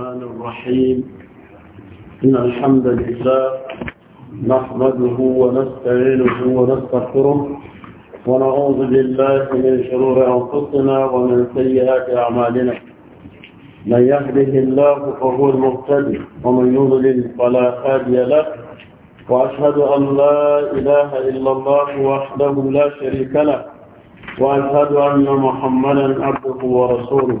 الرحمن الرحيم إن الحمد لله نحمده ونستعينه ونستغفره ونعوذ بالله من شرور أنفسنا ومن سيئات أعمالنا من يهده الله فهو المهتدي ومن يضلل فلا هادي له وأشهد أن لا إله إلا الله وحده لا شريك له وأشهد أن محمدا عبده ورسوله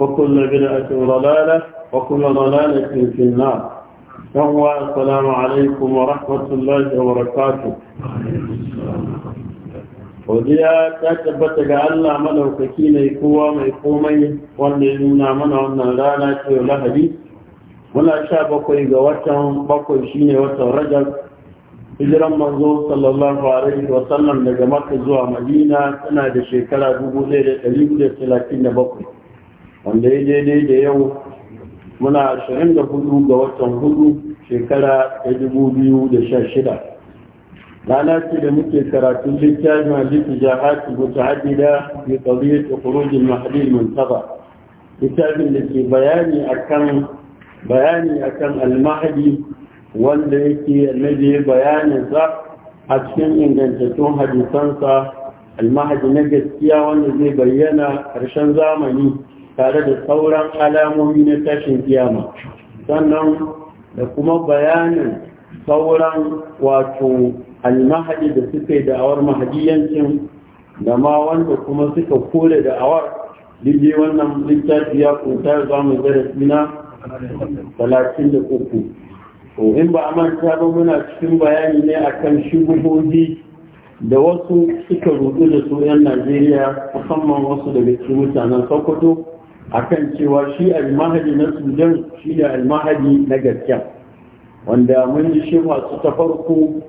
وكل بدعة ضلالة وكل ضلالة في النار فهو السلام عليكم ورحمة الله وبركاته godiya ta tabbata ga Allah maɗaukaki mai kowa mai komai wanda ya mana wannan rana ce lahadi muna sha bakwai ga watan bakwai shine watan rajab hijiran manzo sallallahu alaihi wa sallam daga makka zuwa madina tana da shekara 1437 wanda ya daidai da yau muna 24 ga watan hudu shekara ta 2016 rana ce da muke karatun littafin hadisi jahati mutahaddida ya qadiyyat khuruj al-mahdi al-muntaba littafin da ke bayani akan bayani akan al-mahdi wanda yake annabi bayani za a cikin ingantattun hadisansa al na gaskiya wanda zai bayyana karshen zamani tare da sauran alamomi na tashin kiyama sannan da kuma bayanin sauran wato almahadi da suka yi da'awar mahadiyancin da ma wanda kuma suka kore da'awar jirgin wannan littafi ya kunta za mu zarafi na 33 to in ba a manta ba muna cikin bayani ne akan shubuhohi da wasu suka rudu da su 'yan najeriya musamman wasu daga cikin mutanen sokoto akan cewa shi almahadi na sudan shi ne almahadi na gaskiya wanda mun yi shi masu ta farko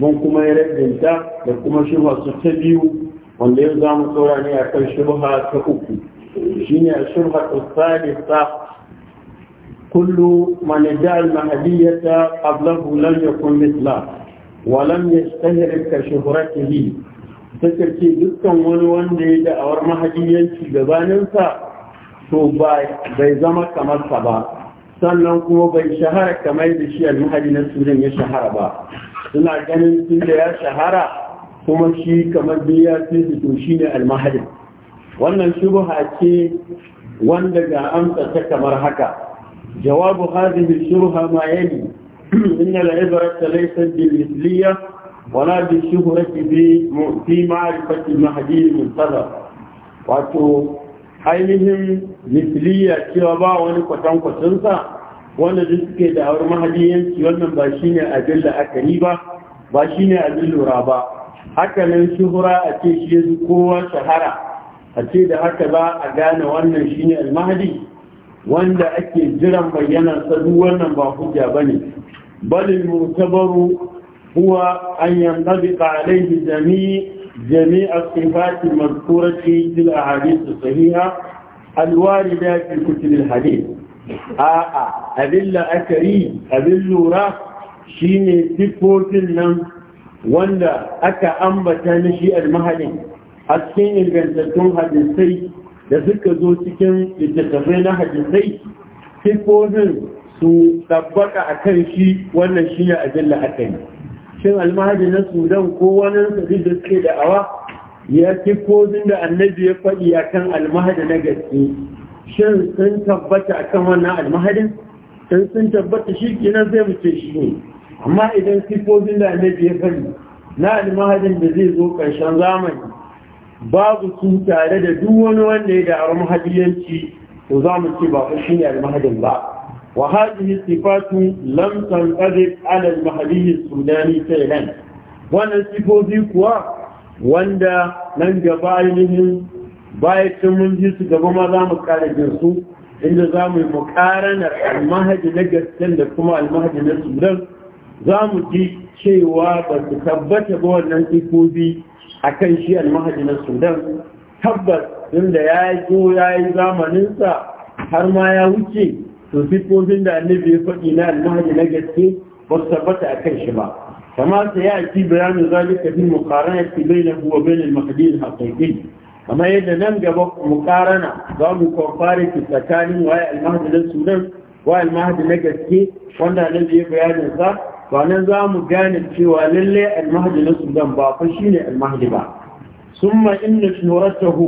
mun kuma yi rabinta da kuma shi masu ta biyu wanda yau za mu tsora ne a kan shirha ta uku shi ne a shirha ta salisa kullu da almahadiyata qablahu lam yakun mithla wa lam yashtahir ka shuhratihi take ce dukkan wani wanda ya da'awar mahadiyanci gabaninsa to bai zama kamar sa ba sannan kuma bai shahara kamar da shi almahadi na surin ya shahara ba suna ganin tun da ya shahara kuma shi kamar da ya fi to shi ne almahadi wannan shubha ce wanda ga amsa ta kamar haka jawabu hadhihi shubha ma yali inna al-ibrata laysa bil mithliya wa la bi shuhrati bi fi ma'rifati al-mahdi al-muntazar wato ainihin misliya cewa ba wani kwatansa wanda duk suke da aure mahadiyanci wannan ba shi ne abin da aka yi ba ba shi ne abin lura ba haka nan shuhura a ce shi ya kowa shahara a ce da haka za a gane wannan shi ne almahadi wanda ake jiran bayyana sadu wannan ba hujja ba ne balin mutabaru huwa an yanzu alaihi jami'i جميع الصفات المذكورة في الأحاديث الصحيحة الواردة في كتب الحديث a'a abin la'akari abin lura shi ne sifofin nan wanda aka ambata na shi almahadin a cikin ingantattun hadisai da suka zo cikin litattafai na hadisai sifofin su tabbata a kan shi wannan shine abin la'akari shin almahadi na sudan ko wani sabi da suke da'awa ya tifozin da annabi ya faɗi a kan almahadi na gaske shin sun tabbata a wannan almahadin sun sun tabbata shi kenan zai mu ce shi ne amma idan tifozin da annabi ya fadi na almahadin da zai zo karshen zamani babu su tare da duk wani wanda ya da almahadiyanci to za mu ce ba shi ne almahadin ba وهذه الصفات لم تنقذب على المحلي السوداني فعلا wannan sifofi kuwa wanda nan gaba ainihin bayan mun ji su gaba ma za mu kare jin inda za mu yi mukaranar almahaji na gasken da kuma almahaji na sudan za mu ji cewa ba su tabbata ba wannan sifofi akan kan shi almahaji na sudan tabbas inda ya zo ya yi zamaninsa har ma ya wuce to sifofin da annabi ya faɗi na almahadi na gaske ba su tabbata a kan shi ba kama ta ya ake bayanin zalika fi muqarana fi bainahu wa bainal mahdi al-haqiqi kama yadda nan gaba muqarana za mu kwafare ki tsakanin waye al-mahdi na sunan waye al almahadi na gaske wanda annabi ya bayanin sa to nan za mu gane cewa lalle al-mahdi na sunan ba fa shine al-mahdi ba ثم إن شهرته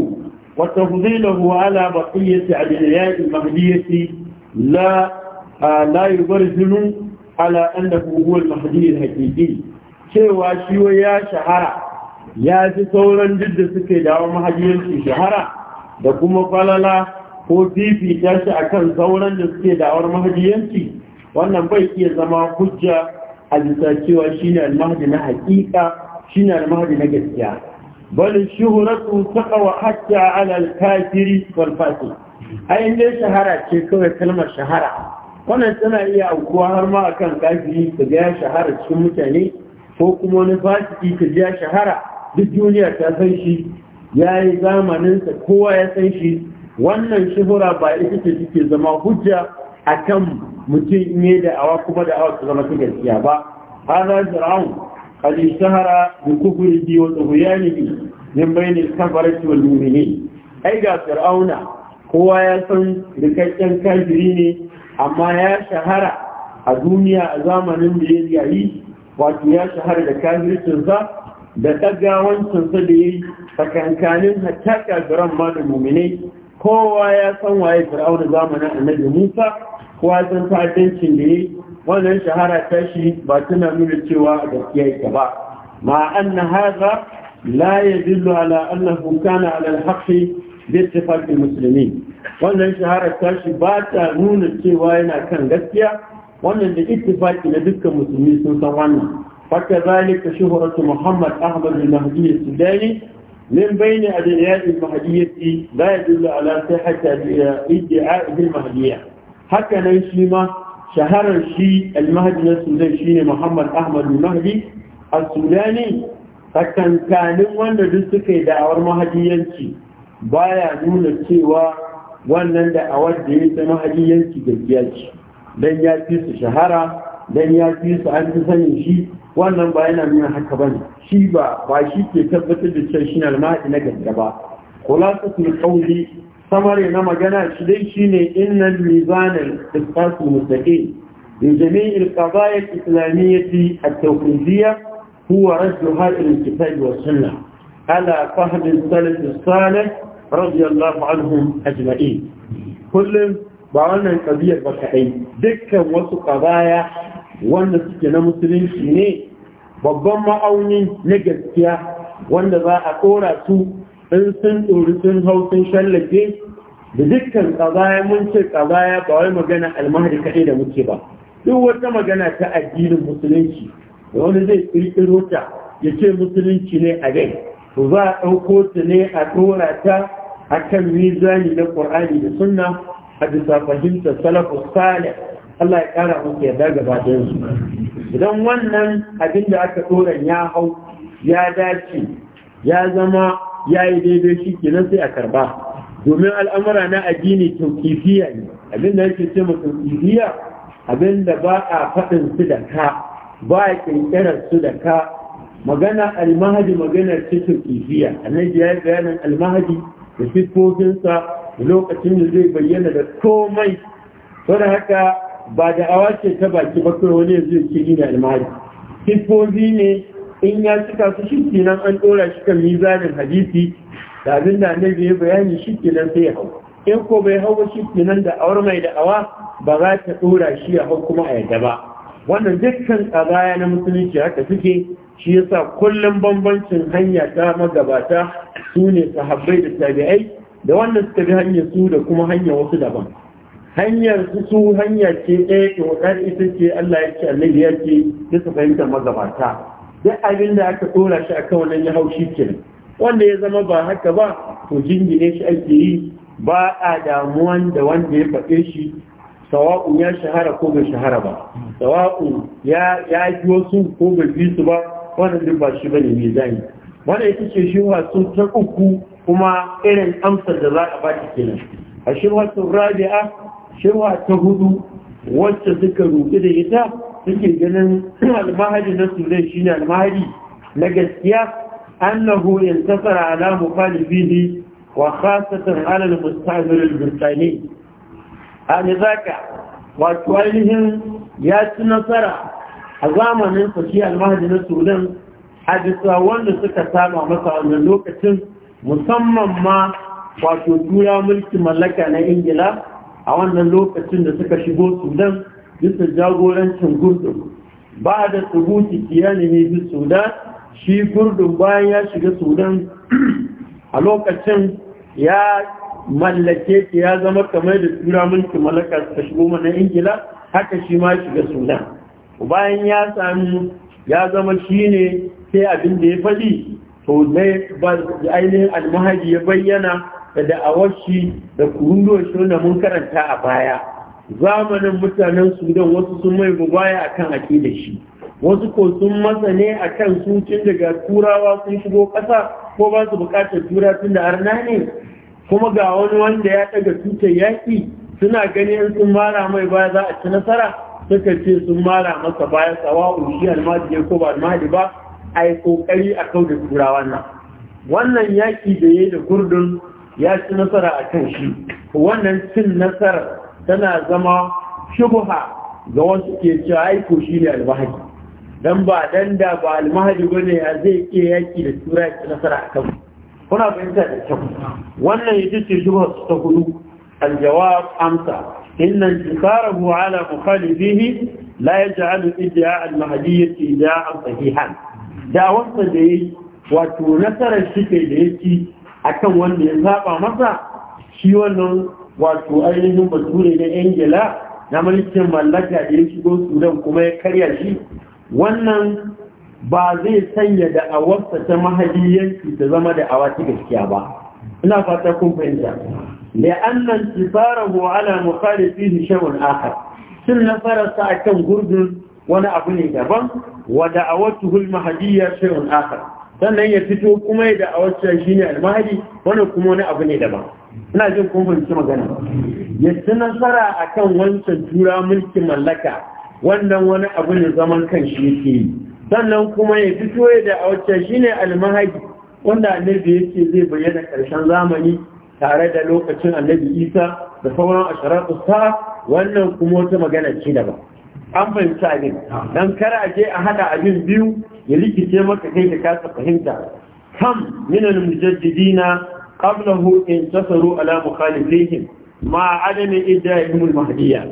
وتفضيله على بقية عدليات المهدية لا لا يبرزل على أنه هو المهدي الحقيقي cewa shi ya shahara ya ji sauran duk da suke dawo mahajiyarsu shahara da kuma falala ko fifita shi akan sauran da suke dawar mahajiyarci wannan bai iya zama hujja a bisa cewa shine almahdi na haƙiƙa shine almahdi na gaskiya bali shuhratu taqwa hatta ala al-kafiri wal fasiq a inda shahara ce kawai kalmar shahara wannan tana iya aukuwa har ma akan kafiri ka ga shahara cikin mutane ko kuma wani fasiki ka ga shahara duk duniya ta san shi ya yi zamaninsa kowa ya san shi wannan shuhura ba ita ce take zama hujja akan mutum ne da awa kuma da awa su zama ta gaskiya ba hada fir'aun qad ishtahara bi ya wa tughyanihi bai bayni al-kafarati wal mu'minin ai ga fir'auna kowa ya san rikakken kafiri ne amma ya shahara a duniya a zamanin da ya yayi wato ya shahara da kafircinsa da ɗagawancinsa da ya yi tsakankanin hatta kafiran ma da muminai kowa ya san waye fir'auna zamanin annabi musa kowa ya san ta'addancin da ya yi wannan shahara ta shi ba tana nuna cewa gaskiya ita ba ma na haza la yadullu ala annahu kana ala al bittifaqil muslimin wannan shaharar tashi ba ta nuna cewa yana kan gaskiya wannan da ittifaqi na dukkan musulmi sun san wannan haka zalika shuhratu muhammad ahmad al-mahdi al-sudani min bayni adiyat al-mahdiyyati la yadullu ala sihhati al-idda'a al-mahdiyya haka nan shi ma shaharar shi al-mahdi al-sudani shine muhammad ahmad al-mahdi al-sudani tsakankanin wanda duk suka yi da'awar mahadiyanci baya nuna cewa wannan da a wadda ya ta mahajiyanci gaskiya ce dan ya fi su shahara dan ya fi su an fi sanin shi wannan ba yana nuna haka bane shi ba ba shi ke tabbatar da cewa shi na almahadi na gaskiya ba khulasatul kauli samare na magana shi dai shine innal mizanal istasul mustaqim لجميع القضايا الإسلامية التوحيدية هو رد هذا الكتاب والسنة على فهم السلف الصالح radiyallahu anhum ajma'in kullum ba wannan kabiyar ba kadai dukkan wasu kabaya wanda suke na musulunci ne babban ma'auni na gaskiya wanda za a kora su in sun ɗori sun hau sun shallake da dukkan kabaya mun ce kabaya ba wai magana almahadi kaɗai da muke ba duk wata magana ta addinin musulunci wani zai ƙirƙiro ta ya ce musulunci ne a gai za a ɗauko su ne a ɗora ta a kan mizani na ƙur'ani da sunna a bisa fahimtar salafu salih Allah ya ƙara musu yarda gaba su idan wannan abin da aka ɗora ya hau ya dace ya zama ya yi daidai shi kenan sai a karba domin al'amura na addini taukifiya ne abin da yake ce mu taukifiya abin da ba a faɗin su da ka ba a ƙirƙirar su da ka magana almahadi magana cikin kifiya annabi ya yi bayanin almahadi da siffofinsa da lokacin da zai bayyana da komai to da haka ba da awa ce ta baki ba kai wani zai ce ni al almahadi siffofi ne in ya cika su shi kenan an dora shi kan mizanin hadisi da abin da annabi ya bayani shi kenan sai ya hau in ko bai hau ba shi kenan da awar mai da awa ba za ta dora shi ya hau kuma a yadda ba wannan dukkan tsabaya na musulunci haka suke shi yasa kullum bambancin hanya ta magabata su ne sahabbai da tabi'ai da wannan suka bi hanyar su da kuma hanyar wasu daban hanyar su su hanya ce ɗaya ke wadar ita ce Allah ya ce Allah ya ce duka fahimtar magabata duk abin da aka ɗora shi akan wannan ya haushi kenan wanda ya zama ba haka ba to jingine shi ake yi ba a damuwan da wanda ya faɗe shi sawa'un ya shahara ko bai shahara ba sawa'un ya ji wasu ko bai bi su ba wannan duk ba shi bane mai zai wannan yake ce shi wasu ta uku kuma irin amsar da za a ba ki kenan a ta rabi'a shirwa ta hudu wacce suka roƙi da ita suke ganin almahadi na su zai shine almahadi na gaskiya annahu yantasara ala mukhalifihi wa khasatan ala almustamir albirtani a ne zaka wato ainihin ya ci nasara a zamanin fashi almahadi na sudan a wanda suka saba masa wannan lokacin musamman ma wato tura mulki mallaka na ingila a wannan lokacin da suka shigo sudan bisa jagorancin gurdun ba da tsubuti kiyani ne bi sudan shi gurdun bayan ya shiga sudan a lokacin ya mallake ki ya zama kamar da tura mulki mallaka suka shigo mana ingila haka shi ma shiga sudan bayan ya sami ya zama shi ne sai abin da ya faɗi to zai ainihin almahaji ya bayyana da da'awar shi da kurundo shi mun karanta a baya zamanin mutanen sudan wasu sun mai gubaya a kan da shi wasu ko sun masa ne a kan daga turawa sun shigo ƙasa ko ba su buƙatar tura tun da arna ne kuma ga wani wanda ya ɗaga tutar yaƙi suna ganin sun mara mai baya za a ci nasara suka ce sun mara masa baya tsawa shi almadi ne ko ba almadi ba a yi kokari a kau da turawa nan wannan yaƙi da ya yi da gurdun ya ci nasara a kan shi wannan cin nasarar tana zama shubuha ga wasu ke cewa aiko shi ne almahadi dan ba dan da ba almahadi ba ne zai ke yaƙi da turawa ci nasara a kan kuna fahimta da kyau wannan ya ce shubuha ta hudu aljawab amsa إن انتصاره على مخالفه لا يجعل ادعاء المهدية ادعاء صحيحا دعوة دي وتنسر الشكل ديكي akan wanda ya saba masa shi wannan wato ainihin bature na ingila na mulkin mallaka da ya shigo sudan kuma ya karya shi wannan ba zai sanya da awarsa ta mahaliyanci ta zama da awa ta gaskiya ba ina fata kun fahimta لأن انتصاره على مخالفيه شو آخر سنة فرصة أكم قرد وانا أبني دبان ودعوته المهدية شو آخر sannan ya fito kuma ya المهدي shi ne وانا أبني kuma wani abu ne daban ina jin magana ya nasara akan wancan tura mulkin mallaka wannan wani abu ne zaman kan shi yake sannan kuma ya fito ya da'awarsa shi ne wanda annabi yake zai bayyana ƙarshen zamani tare da lokacin annabi isa da sauran asharatu sa wannan kuma wata magana ce ba. an fahimci abin dan kar a je a hada abin biyu ya likice maka kai ka kasa fahimta kam mina mujaddidi mujaddidina qablahu tasaru ala mukhalifihim ma adami idahim al-mahdiyya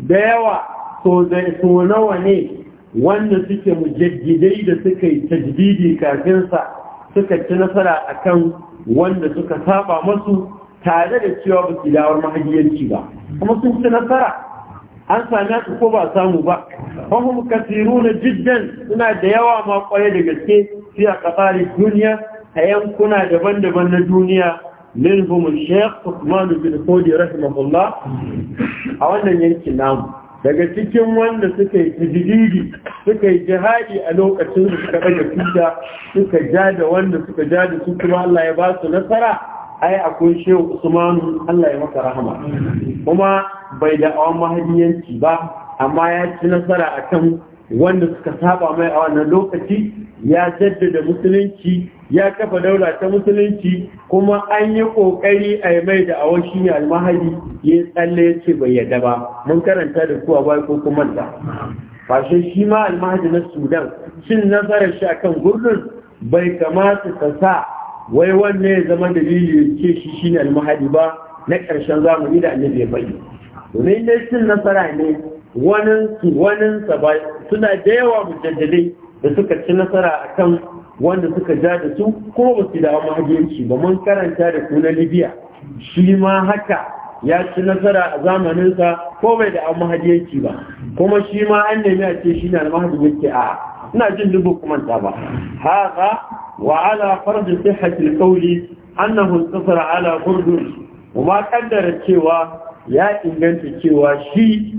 da yawa so so nawa ne wanda suke mujaddidai da suka yi tajdidi kafin sa suka ci nasara akan wanda suka saba masu tare da cewa ba su dawar mahajiyanci ba kuma sun ci nasara an same su ko ba samu ba fahim kasiru na jiddan suna da yawa ma kwaye da gaske fi a kasari duniya a yankuna daban-daban na duniya minhum sheikh usman bin fodi rahimahullah a wannan yankin namu daga cikin wanda suka yi tajiriri suka yi jihadi a lokacin da suka daga fita suka ja da wanda suka ja da su kuma Allah ya ba su nasara ai akwai shehu usmanu Allah ya maka rahama kuma bai da awan mahadiyanci ba amma ya ci nasara akan wanda suka saba mai a wannan lokaci ya jaddada musulunci ya kafa daula ta musulunci kuma an yi kokari a yi mai da awon shi ne almahadi ya tsalle ya ce bai yadda ba mun karanta da kuwa bai ko kuma da fashe shi ma almahadi na sudan cin nasarar shi akan gurbin bai kamata ta sa wai wanne ya zama dalili ya ce shi ne almahadi ba na ƙarshen zamani da annabi ya bayyana domin dai cin nasara ne wanin su wanin sa suna da yawa mujaddadai da suka ci nasara a kan wanda suka ja da su kuma ba su dawo mahajiyanci ba mun karanta da ku na libya shi ma haka ya ci nasara a zamaninsa ko bai da mahajiyanci ba kuma shi ma an nemi a ce shi na da mahajiyanci a ina jin dubu kuma ba haka wa ala farji sihhatil qawli annahu intasara ala qurdun ma kaddara cewa ya inganta cewa shi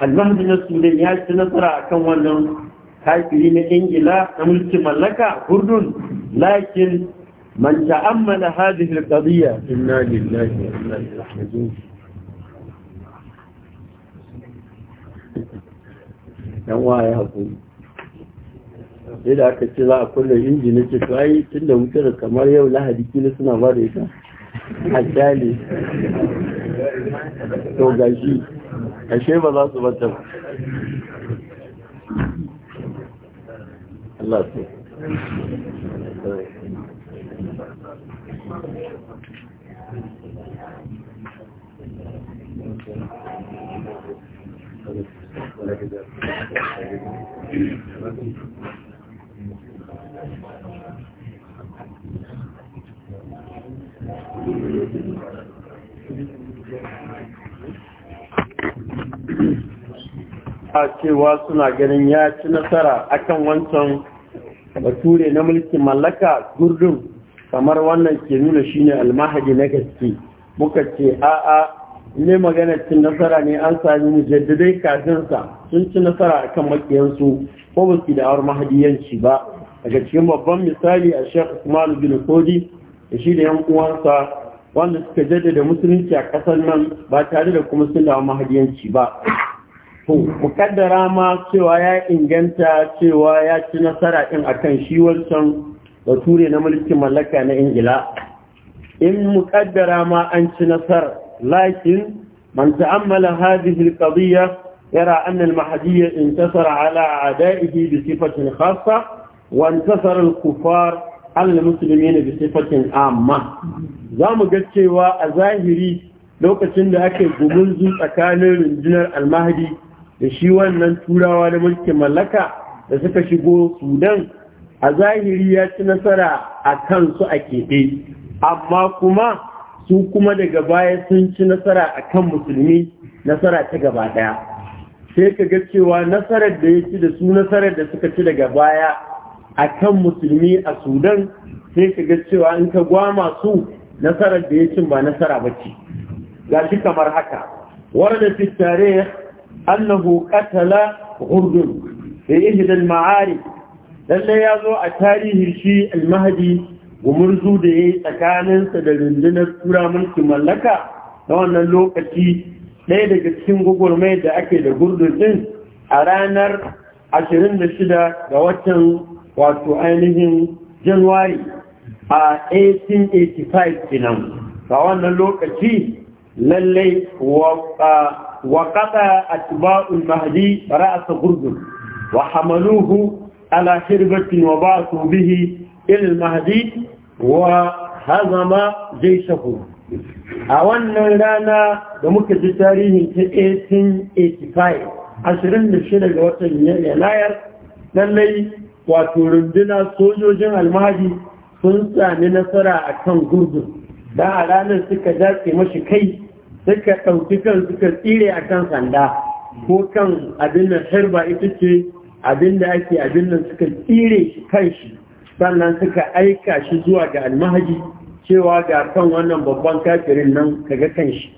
al na sudan ya ci nasara akan wannan kafiri na ingila na mulkin mallaka hurdun lakin man ta'ammala hadhihi al-qadiyya inna lillahi wa inna ilaihi raji'un dan waya hakuri sai da aka ce za a kulle injini na ce to ai tunda da kamar yau lahadi kila suna ba da ita haddali to gashi ashe ba za su bata ba I says. a cewa suna ganin ya ci nasara akan wancan bature na mulkin mallaka gurdun kamar wannan ke nuna shine almahadi na gaske muka ce a'a ne magana cin nasara ne an sami mujaddadai kafinsa sun ci nasara a kan makiyansu ko ba su da'awar mahadiyanci ba daga cikin babban misali a shek usman bin kodi da shi da yan uwansa wanda suka jaddada musulunci a kasar nan ba tare da kuma sun mahadiyanci ba to mukaddara ma cewa ya inganta cewa ya ci nasara din akan shi wancan bature na mulkin mallaka na ingila in mukaddara ma an ci nasar lakin man ta'ammala hadhihi al yara anna al intasara ala a'da'ihi bi sifatin khassa wa intasara al ala bi sifatin amma zamu ga cewa a zahiri lokacin da ake gumurzu tsakanin rundunar al-mahdi da shi wannan turawa da mulkin mallaka da suka shigo sudan a zahiri ya ci nasara a kansu a keɓe amma kuma su kuma daga baya sun ci nasara a kan musulmi nasara ta gaba ɗaya sai ka ga cewa nasarar da ya ci da su nasarar da suka ci daga baya a kan musulmi a sudan sai ka ga cewa in ka gwama su nasarar da ya cin ba nasara ba ce ga shi kamar haka warda fi tare. annahu qatala ghurdun fi ihda Ma'ari, maarif ya zo a tarihin shi al-mahdi gumurzu da yayi tsakaninsa da rundunar tura mulkin mallaka na wannan lokaci ɗaya daga cikin gugurmai da ake da gurdun din a ranar 26 ga watan wato ainihin januwari a 1885 kenan ga wannan lokaci lallai wa qata atba'ul mahdi ra'as gurdun wa hamaluhu ala shirbatin wa ba'athu bihi ila al-mahdi wa hazama jayshahu a wannan rana da muka ji tarihin ta 1885 26 ga watan yanayar lallai wato runduna sojojin almahadi sun sami nasara a kan gurgun da a ranar suka dace mashi kai suka ɗauki kan suka tsire a kan sanda ko kan abin da harba ita ce abin da ake abin nan suka tsire kan shi sannan suka aika shi zuwa ga almahaji cewa ga kan wannan babban kafirin nan kaga kan shi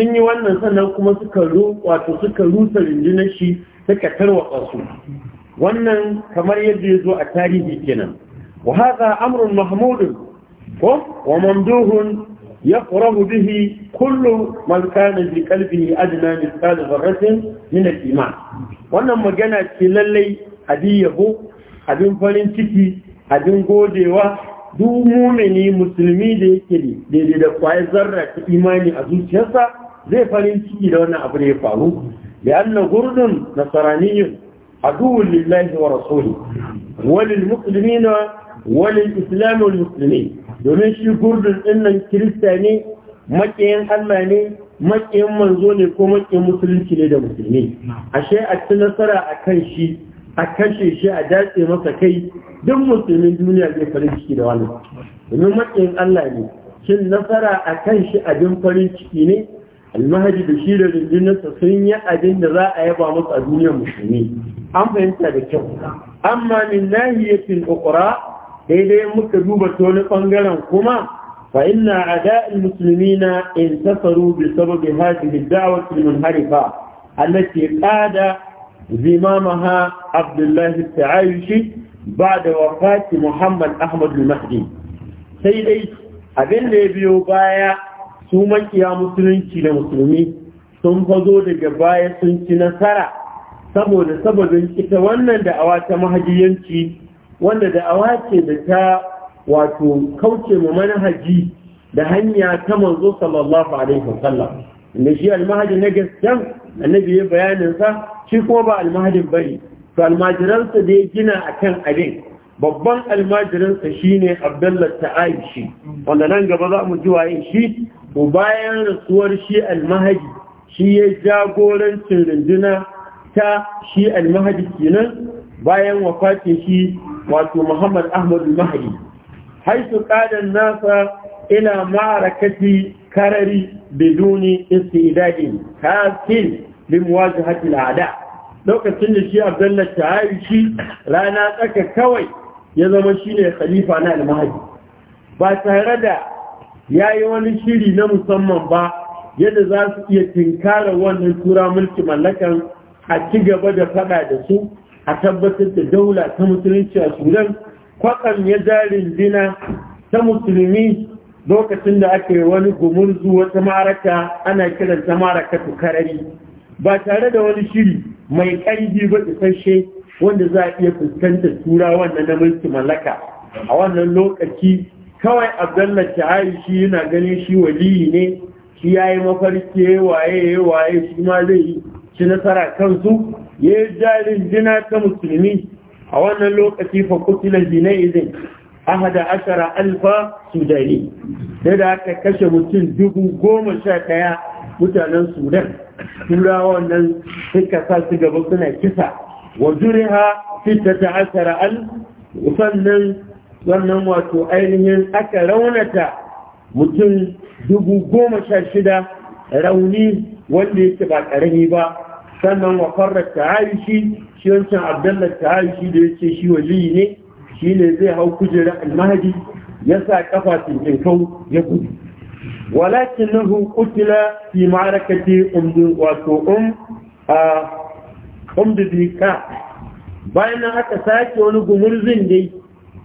sun yi wannan sannan kuma suka wato suka rusa rundunar shi suka tarwatsa su wannan kamar yadda ya zo a tarihi kenan wa haza amrun mahmudun ko wa mamduhun يقرب kullum كل من كان في قلبه أدنى مثقال ذرة من الإيمان wannan magana ce lallai abin yabo abin farin ciki abin godewa duk mumini musulmi da yake daidai da kwaya zarra ta imani a zuciyarsa zai farin ciki da wannan abu da ya faru da anna gurdun nasaraniyin aduwwun lillahi wa rasuli walil muslimina Wani islamin musulmi domin shi gurbin ɗinnan kirista ne makiyin allah ne makiyin manzo ne ko makiyin musulunci ne da musulmi ashe a ci nasara a kan shi a kashe shi a datse masa kai duk musulmin duniya zai farin ciki da wannan domin makiyin allah ne shin nasara a kan shi abin farin ciki ne almahadi da shi da rundunarsa sun yi abin da za a yaba musu a duniyar musulmi an fahimta da kyau amma min nahiyatin ukra sai dai muka duba ta wani bangaren kuma fa inna al muslimina intasaru bi sababi hadhihi da'wati munharifa allati qada zimamaha Abdullah al-Ta'ayushi ba'da wafati Muhammad Ahmad al-Mahdi sai dai abin da ya biyo baya su makiya musulunci da musulmi sun fazo daga baya sun ci nasara saboda sababin ita wannan da'awa ta mahajiyanci wanda da'awa ce da ta wato kauce mu manhaji da hanya ta manzo sallallahu alaihi wasallam inda shi almahadi na gaskiyan annabi ya bayanin sa shi kuma ba almahadin bane to almajiransa da ya gina akan abin babban almajirinsa shine abdullahi ta'aishi wanda nan gaba za mu ji waye shi to bayan rasuwar shi almahadi shi ya jagorancin rundunar ta shi almahadi kenan bayan wafatin shi wato Muhammad Ahmadu Mahdi haitu qadan nasa ila ma'arakati karari biduni istidadin kasin bimuwajahati al'ada lokacin da shi Abdullah shi rana tsaka kawai ya zama shine khalifa na al-Mahdi ba tare da yayi wani shiri na musamman ba yadda za su iya tinkara wannan tura mulki mallakan a ci gaba da fada da su a tabbatar da daula ta musulunci a sudan kwakan ya zarin dina ta musulmi lokacin da aka yi wani gumurzu wata maraka ana kiran ta maraka tukarari ba tare da wani shiri mai ƙarfi ba isasshe wanda za a iya fuskantar tura wannan na mulki mallaka a wannan lokaci kawai abdallah shahari shi yana ganin shi waliyi ne shi ya yi mafarki waye waye shi ma zai yi ci nasara kansu ya yi jarin jina ta musulmi a wannan lokaci fa kutila izin ahada ashara alfa sudani sai da aka kashe mutum dubu goma sha ɗaya mutanen sudan turawa nan suka sa su gaba suna kisa wa juriha fita ta ashara al sannan wannan wato ainihin aka raunata mutum dubu goma sha shida rauni wanda yake ba ƙarami ba sannan wa ta ta'arishi shi wancan abdallar ta'arishi da ya ce shi wali ne shi ne zai hau kujerar almahadi ya sa kafa tinkinkau ya gudu walakin na hukutila fi ma'arakati wato um a um dika bayan nan aka sake wani gumurzin dai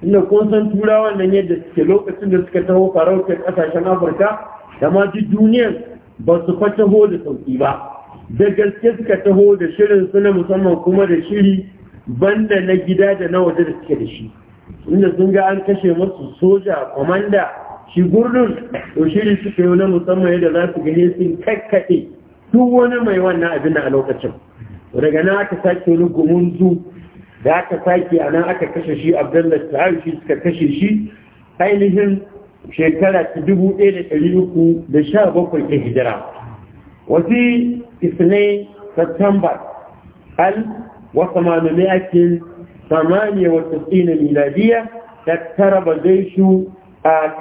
inda kun san turawan nan yadda suke lokacin da suka taho farautar kasashen afirka da ma duk duniyar ba su fataho da sauki ba da gaske suka taho da shirin su na musamman kuma da shiri banda na gida da na waje da suke da shi inda sun ga an kashe masu soja kwamanda shi gurdun to shiri suka yi na musamman yadda za su gane sun kakkaɗe duk wani mai wannan abin a lokacin daga nan aka sake wani gumunzu da aka sake a nan aka kashe shi abdullahi sa'ar shi suka kashe shi ainihin shekara ta dubu ɗaya da ɗari uku da sha bakwai ta hijira wasi اثنين سبتمبر ألف وثمانمائة ثمانية وتسعين ميلادية اقترب جيش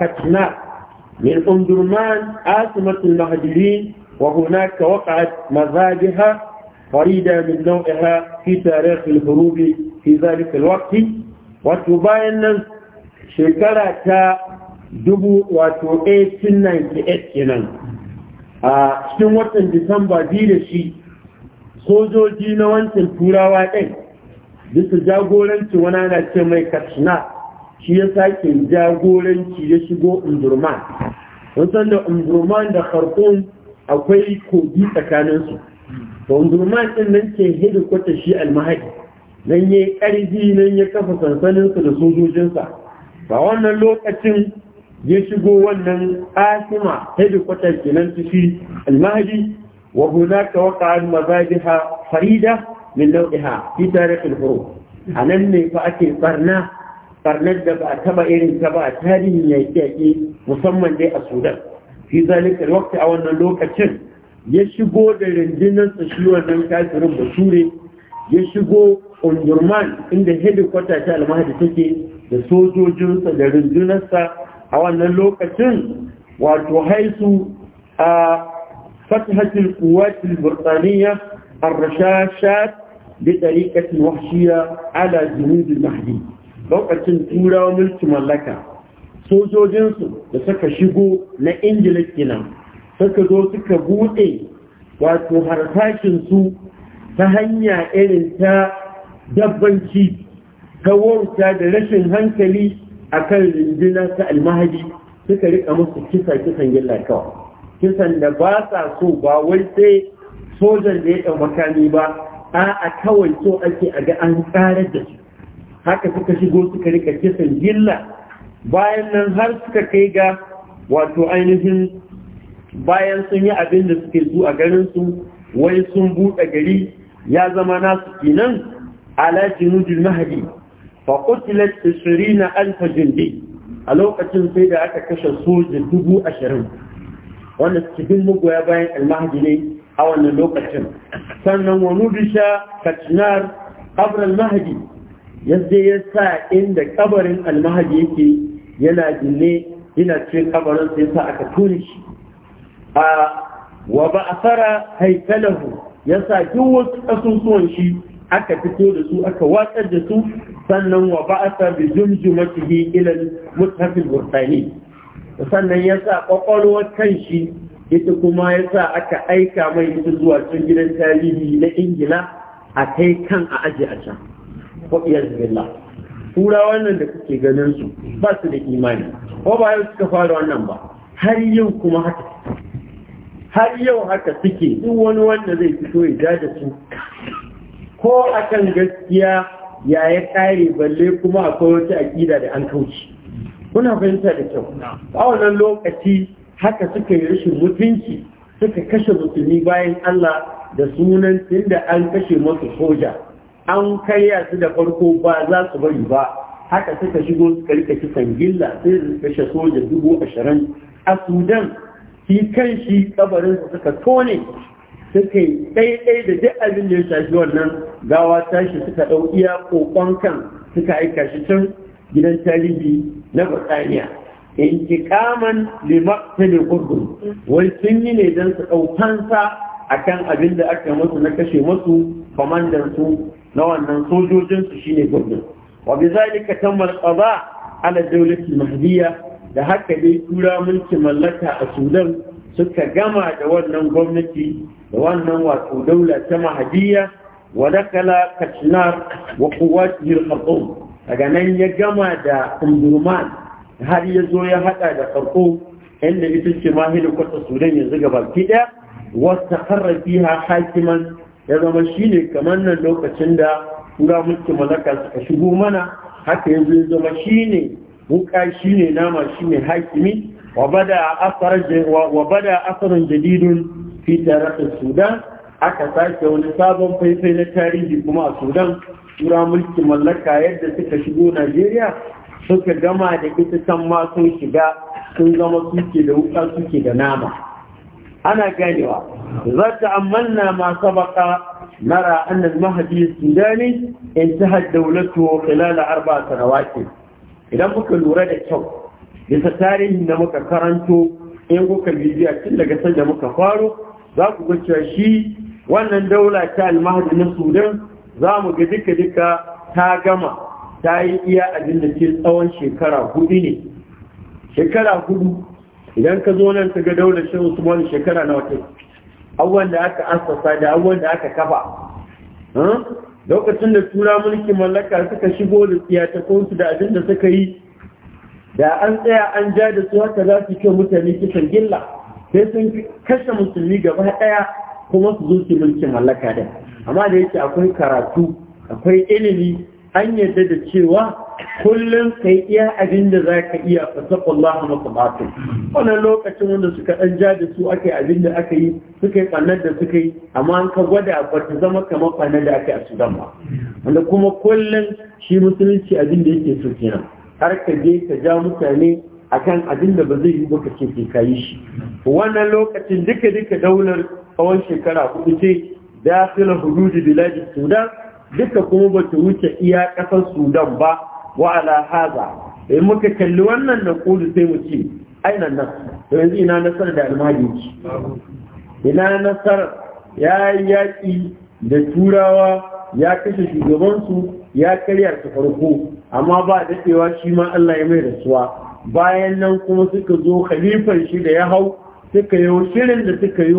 كتناك من أندرمان آسمة المهاجرين وهناك وقعت مذابح فريدة من نوعها في تاريخ الحروب في ذلك الوقت وتباين شكرة دبو وتو 1898 كنان a cikin watan disamba biyu da shi sojoji na wancan turawa ɗin bisa jagoranci wani ana ce mai katsina shi ya sake jagoranci ya shigo umdurman wasan da umdurman da harkon akwai kogi tsakaninsu to umdurman ɗin nan ke kwata shi almahadi nan ya yi ƙarfi nan ya kafa sansaninsa da sojojinsa ba wannan lokacin ya shigo wannan asima hedikwatar kenan tafi almahdi wa hunaka waqa'a mazajiha farida min nau'iha fi tarikh al-huruf anan ne fa ake barna barnar da ba a taba irin ta ba a tarihin yaƙi musamman dai a sudan fi zalika lokaci a wannan lokacin ya shigo da rundunar sa shi wannan kafirin basure ya shigo ungurman inda hedikwata ta almahadi take da sojojinsa da rundunarsa a wannan lokacin wato haisu a fatahatul kuwatul burtaniya ar-rashashat bi tariqatin wahshiya ala junud mahdi lokacin turawa mulki mallaka sojojinsu da suka shigo na ingila kenan suka zo suka bude wato harsashin su ta hanya irin ta dabbanci ta wauta da rashin hankali A kan rundunar ta almahadi suka rika musu kisa kisan gilla kawai kisan da ba sa so ba wai sai sojan da ya ɗau makami ba a kawai so ake a ga an tsarar da su haka suka shigo suka rika kisan gilla bayan nan har suka kai ga wato ainihin bayan sun yi abin da suke su a garin su wai sun buɗe gari ya zama nasu kenan ala jinujul mahadi faƙutilar tsiri na alfa a lokacin sai da aka kashe soja dubu ashirin wanda cikin magoya bayan almahdi ne a wannan lokacin sannan wani bisha kacinar kabar almahdi yadda ya sa inda kabarin almahdi yake yana jinne ina cikin kabarin sai sa aka tuni shi a wa ba a fara haikalahu ya duk wasu ƙasusuwan shi aka fito da su aka watsar da su sannan wa ba'asa bi jumjumatihi ila al-mushaf al-burtani sannan ya sa ƙwaƙwalwar kan shi ita kuma ya sa aka aika mai ita zuwa cikin gidan tarihi na ingila a kai kan a aji a can kwakwiyar zubilla tura wannan da kuke ganin su ba su da imani ko ba yau suka fara wannan ba har yau kuma haka har yau haka suke duk wani wanda zai fito ya da su ko akan gaskiya ya ya kare balle kuma akwai wata aƙida da an kauce kuna fahimta da kyau a wannan lokaci haka suka yi rashin mutunci suka kashe musulmi bayan Allah da sunan tunda an kashe masu soja an karya su da farko ba za su bari ba haka suka shigo suka rika kisan gilla sai su kashe soja dubu ashirin a sudan shi kan shi kabarinsa suka tone suka yi ɗaiɗai da duk abin da ya shafi wannan gawa tashi suka ɗau iya ƙoƙon kan suka aika shi can gidan tarihi na burtaniya ta ne kurdun wai sun yi ne don su ɗau a akan abin da aka musu na kashe musu kwamandan su na wannan sojojin su shine gurdun wa bi zalika tammal qada ala dawlati mahdiya da haka dai tura mulkin mallaka a sudan suka gama da wannan gwamnati da wannan wato daula ta mahadiya wa dakala kashnar wa kuwati al daga nan ya gama da umdurman har ya zo ya hada da farko inda ita ce ma helikwata sudan yanzu ga baki daya wata karrafi hakiman ya zama shine kamar nan lokacin da kura mulki malaka suka shigo mana haka yanzu ya zama shine wuka shine nama shine hakimi wa bada asarin jadidun fi tarihin sudan aka sake wani sabon faifai na tarihi kuma a sudan tura mulki mallaka yadda suka shigo najeriya suka gama da ita can masu shiga sun zama suke da wuka suke da nama ana ganewa za ta amanna ma sabaka nara annan mahadi sudani in ta haddaulatu dawlatu khilal arba sanawat idan muka lura da kyau bisa tarihi na muka karanto in kuka bibiya tun daga sanda muka faro za ku ga cewa shi wannan daula ta almahadi na sudan za mu ga duka duka ta gama ta yi iya abin da ke tsawon shekara hudu ne shekara hudu idan ka zo nan ka ga daular shi usman shekara na wata abubuwan da aka asasa da abubuwan da aka kafa lokacin da tura mulkin mallaka suka shigo da tsiyata da abin da suka yi da an tsaya an ja da su haka za su kyau mutane kisan gilla sai sun kashe musulmi gaba ɗaya kuma su zo mulkin mallaka da amma da yake akwai karatu akwai ilimi an yarda da cewa kullum kai iya abin da za ka iya na makamatu Wani lokacin wanda suka ɗan ja da su aka yi abin da aka yi suka yi da suka yi amma an ka gwada ba ta zama kamar da aka yi a sudan ba wanda kuma kullum shi musulunci abin da yake so kenan har ka je ka ja mutane a kan abin da ba zai yi ba ka ce ka yi shi wannan lokacin duka duka daular tsawon shekara hudu ce dakila hududi biladi sudan duka kuma ba ta wuce iya kasar sudan ba wa ala haza in muka kalli wannan na kudu sai mu ce aina nan to yanzu ina nasarar da almajin ina nasarar ya yi yaƙi da turawa ya kashe shugabansu ya karya ta farko amma ba daɗewa shi ma Allah ya mai rasuwa bayan nan kuma suka zo khalifar shi da ya hau suka yi shirin da suka yi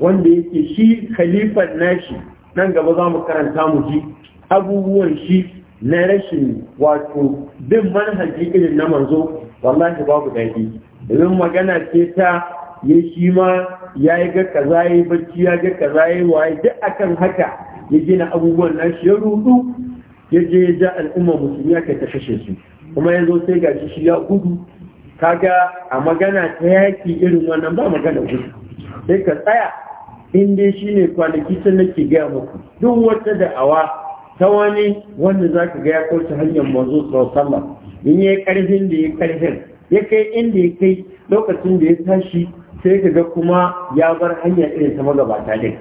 wanda yake shi khalifar nashi nan gaba za mu karanta mu ji abubuwan shi na rashin wato bin manhaji irin na manzo wallahi babu daɗi domin magana ce ta ya shi ma ya yi ga kaza ya yi bacci ya ga kaza yi waye duk akan haka ya gina abubuwan nashi ya rudu ya je ya ja al'umma musulmi aka ta kashe su kuma ya zo sai gashi shi ya gudu kaga a magana ta yaki irin wannan ba magana gudu sai ka tsaya in dai shi ne kwanaki ta nake gaya muku duk wata awa ta wani wanda za ka gaya kauce hanyar mazo sama in ya karfin da ya karfin ya kai inda ya kai lokacin da ya tashi sai ka ga kuma ya bar hanya irin ta magabata ne.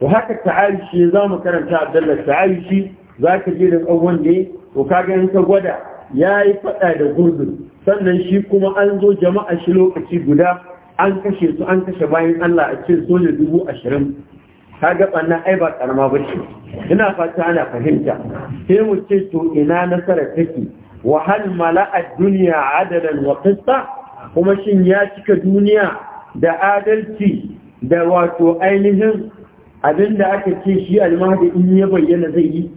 Wa haka ta'arishi za mu karanta Abdullahi ta'arishi za ka je da tsawon da to kaga in ka gwada ya yi faɗa da gurdun sannan shi kuma an zo jama'a shi lokaci guda an kashe su an kashe bayan Allah a cikin soja dubu ashirin kaga ɓanna ai ba ƙarama ba ce ina fata ana fahimta sai mu ce to ina nasara take wa hal mala'a duniya adadan wa qista kuma shin ya cika duniya da adalci da wato ainihin abinda aka ce shi almahdi in ya bayyana zai yi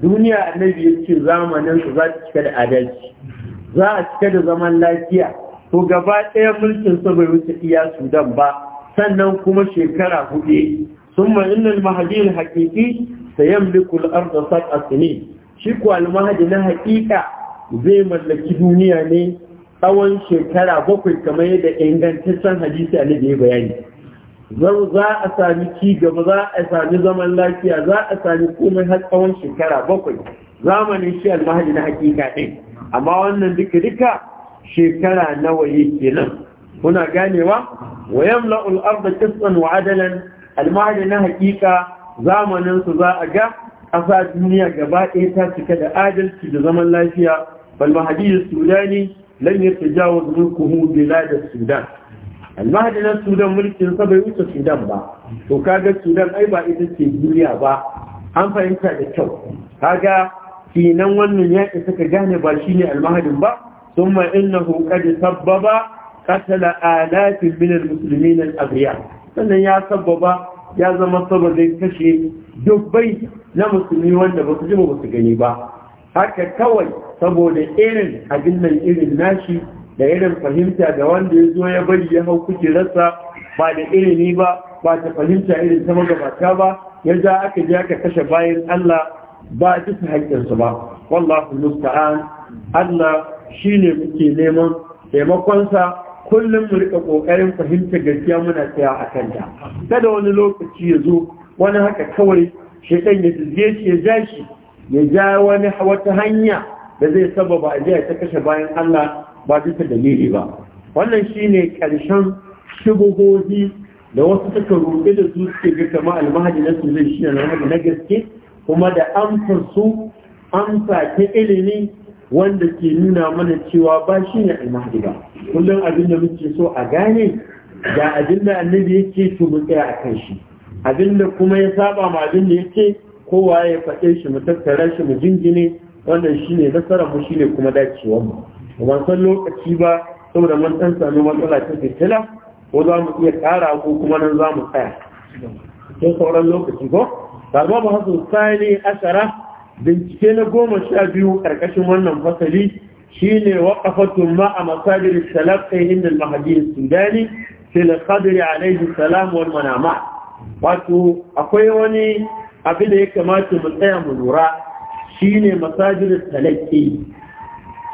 duniya annabi ya ce zamanin su za su cika da adalci za a cika da zaman lafiya to gaba ɗaya mulkin sa bai wuce iya sudan ba sannan kuma shekara hudu sun ma'inan mahadi na hakiki sayan bikul arda a sini shi al mahadi na hakika zai mallaki duniya ne tsawon shekara bakwai kamar yadda ingantaccen hadisi a ya bayani za a sami ci gaba za a sami zaman lafiya za a sami komai har tsawon shekara bakwai zamanin shi almahadi na hakika ɗin amma wannan duka duka shekara nawa yake nan kuna ganewa wa yamla al-ardh qisman wa adalan almahadi na hakika zamanin su za a ga ƙasa duniya gaba ɗaya ta cika da adalci da zaman lafiya bal mahadi sudani lan yatajawaz mulkuhu bilad sudan almahadi na sudan mulkin sa bai wuce sudan ba to kaga sudan ai ba ita ce duniya ba an fahimta da kyau kaga kinan wannan ya ke suka gane ba shine almahadin ba thumma innahu qad sabbaba qatala alafin min almuslimin al-aghriya sannan ya sabbaba ya zama sababin kashe dubbai na musulmi wanda ba su ji ba su gani ba haka kawai saboda irin abin nan irin nashi da irin fahimta da wanda ya zo ya bari ya hau kujerarsa ba da ilimi ba ba ta fahimta irin ta magabata ba ya ja aka ji aka kashe bayan Allah ba duk haƙƙinsu ba wallahu musta'an Allah shine muke neman taimakonsa kullum mu rika kokarin fahimta gaskiya muna tsaya a kanta kada wani lokaci ya zo wani haka kawai shekan ya dizge shi ya ja shi ya ja wani wata hanya da zai sababa a jiya ta kashe bayan Allah ba duka dalili ba wannan shi ne ƙarshen shigogogi da wasu suka ruɗe da su suke ga kama na su zai shi na gaske kuma da amsar su amsa ta ilimi wanda ke nuna mana cewa ba shi ne almahadi ba kullum abin da muke so a gane da abin da annabi yake to mu tsaya a kan shi abin da kuma ya saba ma abin da yake kowa ya faɗe shi mu tattara shi mu jingine wannan shi ne nasarar mu ne kuma dacewar mu ban san lokaci ba saboda mun san sami matsala ta fitila ko za mu iya ƙara ko kuma nan za mu tsaya ko sauran lokaci ko karba ba hasu sani ashara bincike na goma sha biyu ƙarƙashin wannan fasali shine waqafatun ma a masadir salaf inda mahadi sudani fil qadri alaihi salam wal manama wato akwai wani abin da ya kamata mu tsaya mu lura shine masajirin talaki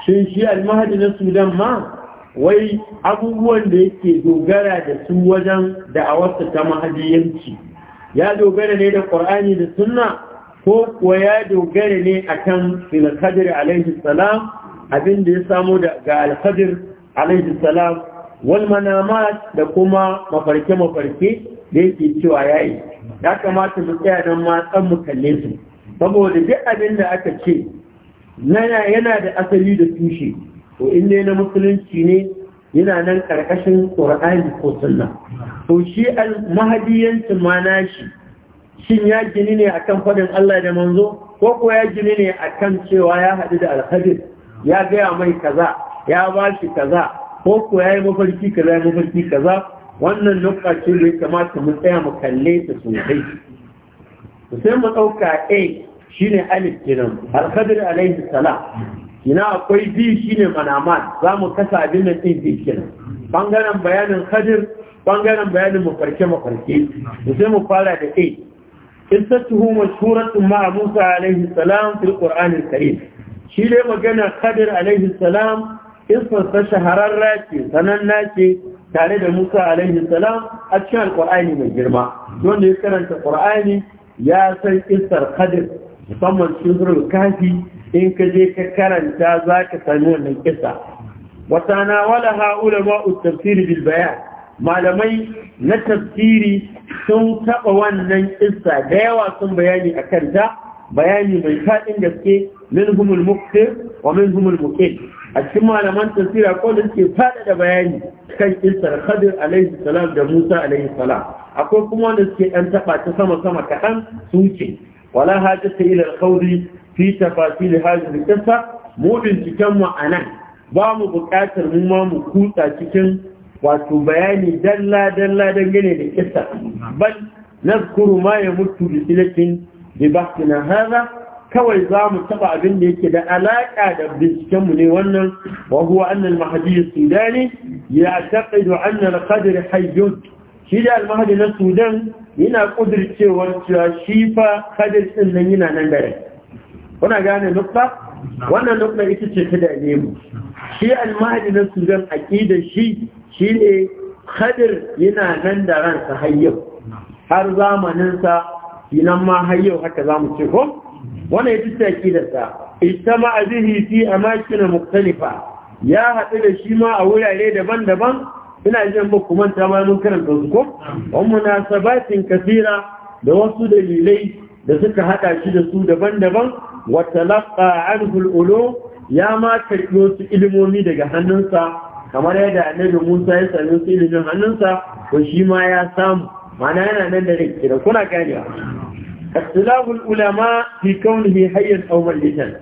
shin shi almahadi na sudan ma wai abubuwan da yake dogara da su wajen da'awarsa ta mahadiyanci ya dogara ne da ƙwar'ani da sunna ko kuwa ya dogara ne a kan filakadir alaihi salam abin da ya samu ga alkadir alaihi salam wal manamat da kuma mafarke-mafarke da yake cewa ya yi? ya kamata mu tsaya don matsan mu kalle su saboda duk abin da aka ce yana da asali da tushe to in ne na musulunci ne yana nan karkashin ƙur'ani ko sunna to shi al-mahdiyancin ma shi? shin ya gini ne akan fadin Allah da manzo ko ko ya gini ne akan cewa ya haɗu da alhadir ya gaya mai kaza ya ba shi kaza ko ko ya yi mafarki kaza ya mafarki kaza wannan lokacin da ya kamata mu tsaya mu kalle ta sosai sai mu ɗauka a shine alif kenan al salam ina akwai bi shine manaman za mu kasa abin da din bi kenan bangaren bayanin kadir bangaren bayanin mafarke mafarke sai mu fara da a tuhumar mashhuratun ma Musa alaihi salam fil Qur'an karim shi dai magana khadir alaihi salam isar ta shahararra ce sananna ce tare da Musa alaihi salam a cikin mai girma wanda ya karanta ƙur'ani, ya san isar kadir musamman cikin kafi in ka je ka karanta za ka sami wannan kisa wata na wala ha'ula ma'u tafsiri bil bayan malamai na tafsiri sun taɓa wannan kisa da yawa sun bayani a kanta bayani mai faɗin gaske min humul wa min humul a cikin malaman tafsira ko da suke faɗa da bayani kan kisar khadir alaihi salam da musa alaihi salam akwai kuma wanda suke ɗan taɓa ta sama sama kaɗan su ce wala hajjata ila alkhawdi fi tafasil hadhihi alqissa mu binciken mu anan ba mu buƙatar mu ma mu kutsa cikin wato bayani dalla dalla dangane da kissa bal nazkuru ma yamuttu bi silatin bi bahtina hadha kawai za mu taba abin da yake da alaƙa da bincikenmu ne wannan wa huwa annal mahdi sudani ya taqidu anna al-qadr hayyun shi da al-mahdi na sudan yana kudircewar cewa shi fa kadir din nan yana nan da kuna gane nukta wannan nukta ita ce ta da ne mu shi almahadi na sudan aqida shi shi ne. kadir yana nan da ransa har yau har zamaninsa ma har yau haka za mu ce ko wannan ita ce sa ijtama bihi fi amakin mukhtalifa ya haɗu da shi ma a wurare daban-daban ina jin muku manta ba mun karanta su ko wa munasabatin kasira da wasu dalilai da suka hada shi da su daban-daban wa talaqa anhu al ya ma karbo wasu ilimomi daga hannunsa kamar yadda annabi Musa ya sami su ilimin hannunsa ko shi ma ya samu mana yana nan da rai da kuna ganewa ikhtilaful ulama fi kaunihi hayyan aw mayytan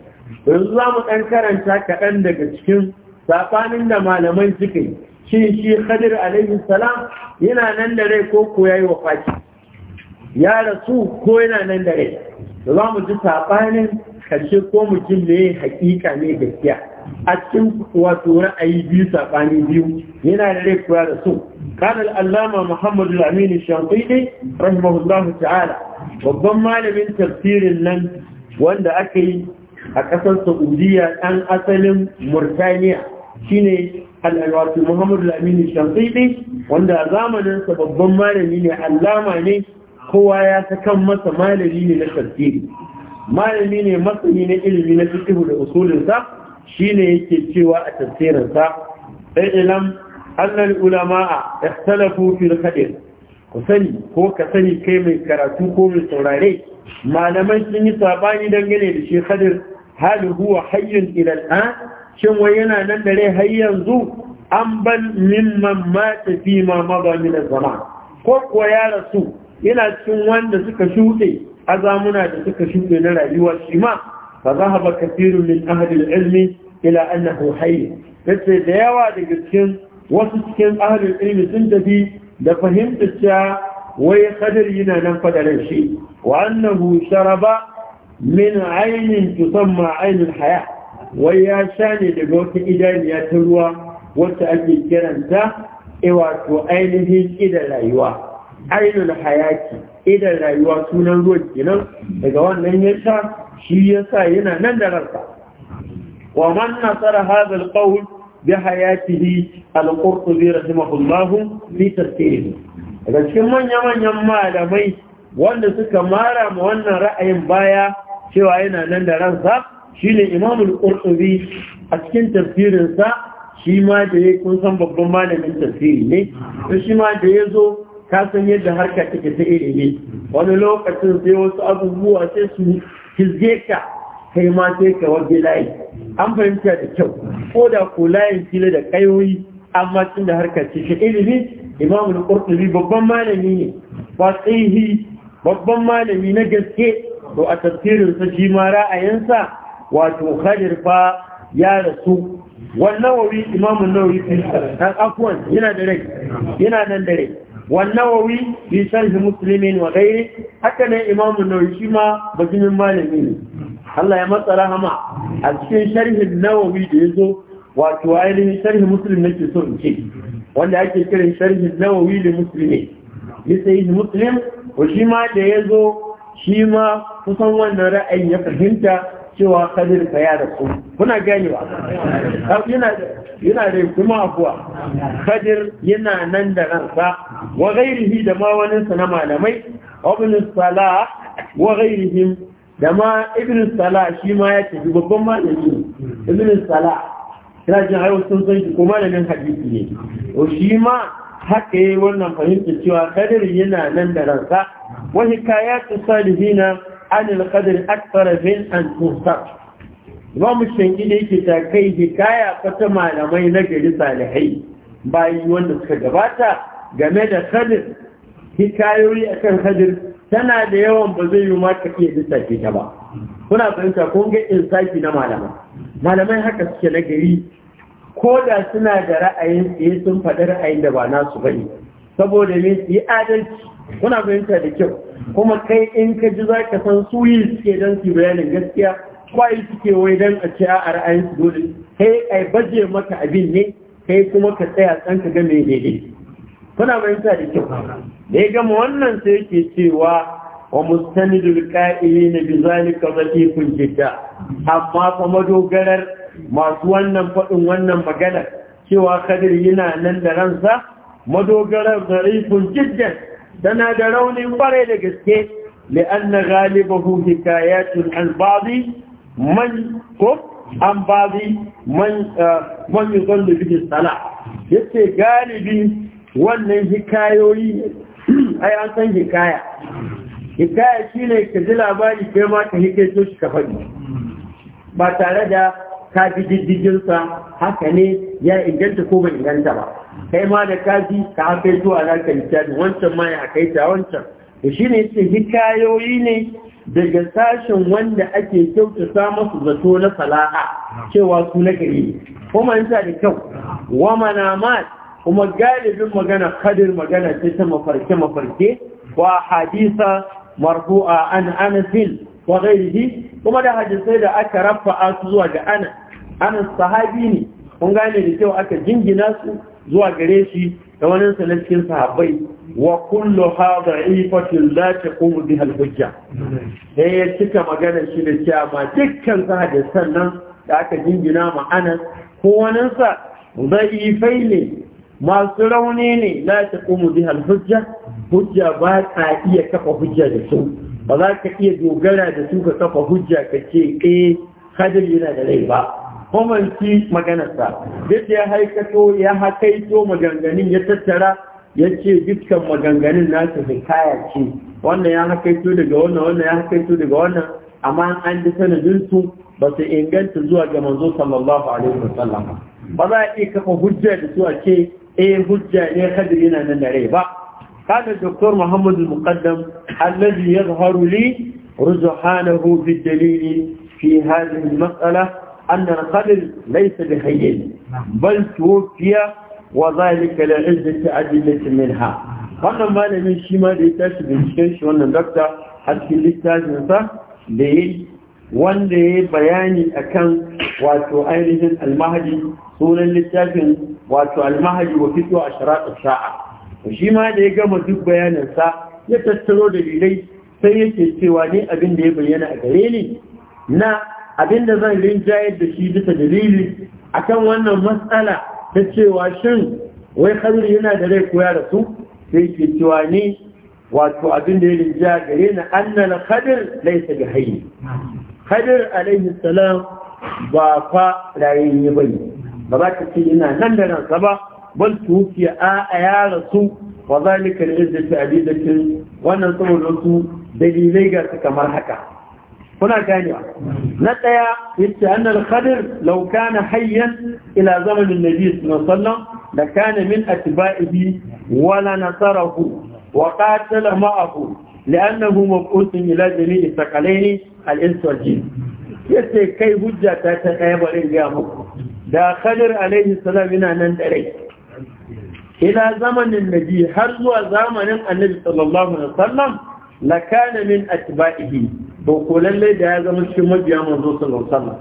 yanzu za mu dan karanta kaɗan daga cikin sabanin da malaman suka yi shi shi khadir alaihi salam yana nan da rai ko ko yayi wafaki ya rasu ko yana nan da rai da za mu ji sabanin karshe ko mu ji me hakika ne gaskiya a cikin wato ra'ayi biyu sabani biyu yana da rai ko ya rasu قال allama Muhammadu الأمين الشنقيطي رحمه الله ta'ala. babban malamin tafsirin nan wanda aka yi a ƙasar saudiya ɗan asalin murtaniya shine al'alwatu muhammadu lamini shamsiti wanda a zamaninsa babban malami ne allama ne kowa ya ta kan masa malami ne na tafsiri malami ne masani na ilimi na fiqhu da usulinsa shine yake cewa a tafsirinsa sai ilam annal a ikhtalafu fil qadr ku sani ko ka sani kai mai karatu ko mai saurare malaman sun yi sabani dangane da shi qadir hal huwa hayyun ila al'an shin wai yana nan da rai har yanzu an ban mimman ma tafi ma maza min zama ko kuwa ya rasu yana cikin wanda suka shuɗe azamuna da suka shuɗe na rayuwa shi ma fa zahaba kathirun min ahli ilmi ila annahu hayy yace da yawa daga cikin wasu cikin ahli ilmi sun tafi da fahimtar cewa wai kadari yana nan fadarin shi wa annahu sharaba min aynin tusamma aynul hayat wai ya sha ne daga wata idaniya ta ruwa wacce ake kiranta e wato ainihin idan rayuwa ainihin hayaki idan rayuwa sunan ruwan kenan daga wannan ya sha shi ya sa yana nan da ransa wa man nasara hadal qawl bi hayatihi al-qurtubi rahimahullah fi tafsirihi daga cikin manya manyan malamai wanda suka mara ma wannan ra'ayin baya cewa yana nan da ransa shine Imam al-Qurtubi a cikin tafsirin sa shi ma da ya kun san babban malamin tafsiri ne to shi ma da ya zo ka san yadda harka take ta ilimi wani lokacin sai wasu abubuwa sai su kizge ka kai ma sai ka waje layi an fahimta da kyau ko da ko layin fili da kayoyi amma tun da harka ce ilimi Imam Al-Qurtubi, babban malami ne ba babban malami na gaske to a tafsirinsa shi ma ra'ayinsa wato khadir fa ya rasu wannan wawi imamun nawawi fi dan afwan yana da rai yana nan da rai wannan wawi fi sharh muslimin wa ghairi haka ne imamun nawawi shi ma bajimin malami ne Allah ya matsa rahama a cikin sharhin nawawi da yazo wato ainihin sharhin muslim nake so in ce wanda ake kiran sharhin nawawi da muslimi bisa yi muslim ko shi ma da ya zo shi ma kusan wannan ra'ayin ya fahimta cewa kadir ka da kuma kuna gani ba yana da kuma abuwa kadir yana nan da ransa wa gairihi da ma wani na malamai ibn salah wa gairihim da ma ibn salah shi ma ya ce babban malami ibn salah yana jin har sun san shi ko malamin hadisi ne to shi ma haka yi wannan fahimta cewa kadir yana nan da ransa wa hikayatu salihina anil qadri akthara min an tusab imamu shanki da yake ta kai hikaya fata malamai na gari salihai bayan wanda suka gabata game da kadir hikayoyi akan kadir tana da yawan ba zai yi ma ka iya lissafe ta ba kuna fahimta ko ga insaki na malamai malamai haka suke na gari ko da suna da ra'ayin tsaye sun faɗi ra'ayin da ba nasu ne, saboda ne su yi adalci kuna fahimta da kyau kuma kai in ka ji za ka san su yi suke don su bayanin gaskiya kwayi suke wai don a ce a ra'ayin su dole kai ai baje maka abin ne kai kuma ka tsaya tsan ka ga ne daidai kuna fahimta da kyau da ya gama wannan sai yake cewa wa mustanidul na bi zalika dhaifun jidda amma fa madogarar masu wannan faɗin wannan magana cewa kadir yana nan da ransa madogarar dhaifun jiddan tana da raunin kware da gaske li'anna ghalibahu hikayatun an ba'dhi man ko an ba'dhi man ah, man yuzallu bi salah yace galibi wannan hikayoyi ai an san hikaya hikaya shine ka ji labari kai ma ka hikaito shi ka faɗi ba tare da ka ji sa haka ne ya inganta ko bai inganta ba kai ma da kaji ka haka zuwa na ka wancan ma ya kai ta wancan to shine hikayoyi ne daga sashen wanda ake kyauta sa masu zato na salaha cewa su na gari kuma in da kyau wa manamat kuma galibin magana kadir magana ce ta mafarke mafarke wa hadisa marfu'a an anasin wa ghairihi kuma da hadisai da aka rafa'a su zuwa ga ana an sahabi ne kun gane da kyau aka jingina su zuwa gare shi da wani na sahabai sahabbai wa kullu hadha ifatin la ta biha al-hujja sai ya cika magana shi da cewa ma dukkan hadisan sannan da aka jingina ma anas ko wani sa dhaifai ne masu rauni ne la ta biha al-hujja hujja ba ta iya kafa hujja da su ba za ka iya dogara da su ka kafa hujja ka ce eh kadir yana da rai ba komanci maganarsa duk ya haikato ya hakaito maganganun ya tattara ya ce dukkan maganganun nasu hikaya ce wannan ya hakaito daga wannan wannan ya hakaito daga wannan amma an ji sanadinsu ba su inganta zuwa ga manzo sallallahu alaihi wasallam ba za a iya kafa hujja da su a ce eh hujja ne kada yana nan da rai ba kana doktor muhammadu muqaddam allazi yadhharu li rujhanahu fi dalili fi hadhihi al masalah أن الخلل ليس بخيل بل توفي وذلك لعزة أدلة منها wannan malamin shi ma da ya tashi binciken shi wannan dokta cikin littafinsa da ya wanda ya bayani akan wato ainihin almahadi sunan littafin wato almahadi wa fito a sharaɗa sa'a shi ma da ya gama duk bayaninsa ya tattaro dalilai sai yake cewa ne abin da ya bayyana a gare ni na abinda zan rinjaye da shi bisa dalili akan wannan matsala ta cewa shin wai khadir yana da rai koya da su sai ke cewa ne wato abinda ya rinja gare na annal khadir laysa bi hayy khadir alaihi salam ba fa rayayye bane ba za ka ce ina nan da nan sa ba bal tuki a ya rasu wa zalika al-izzati abidatin wannan saboda su dalilai ga kamar haka هنا ثانية نتأي إذ أن الخضر لو كان حيا إلى زمن النبي صلى الله عليه وسلم لكان من أتباعه ولا نصره وقاتل معه لأنه مبؤوس إلى جميع الثقلين الإنس والجن. يسي كي هجة تتقيب الإنجام دا خضر عليه السلام من أن إلى زمن النبي هل هو زمن النبي صلى الله عليه وسلم la kana min atba'ihi to ko lalle da ya zama cikin mabiya manzo sallallahu alaihi wasallam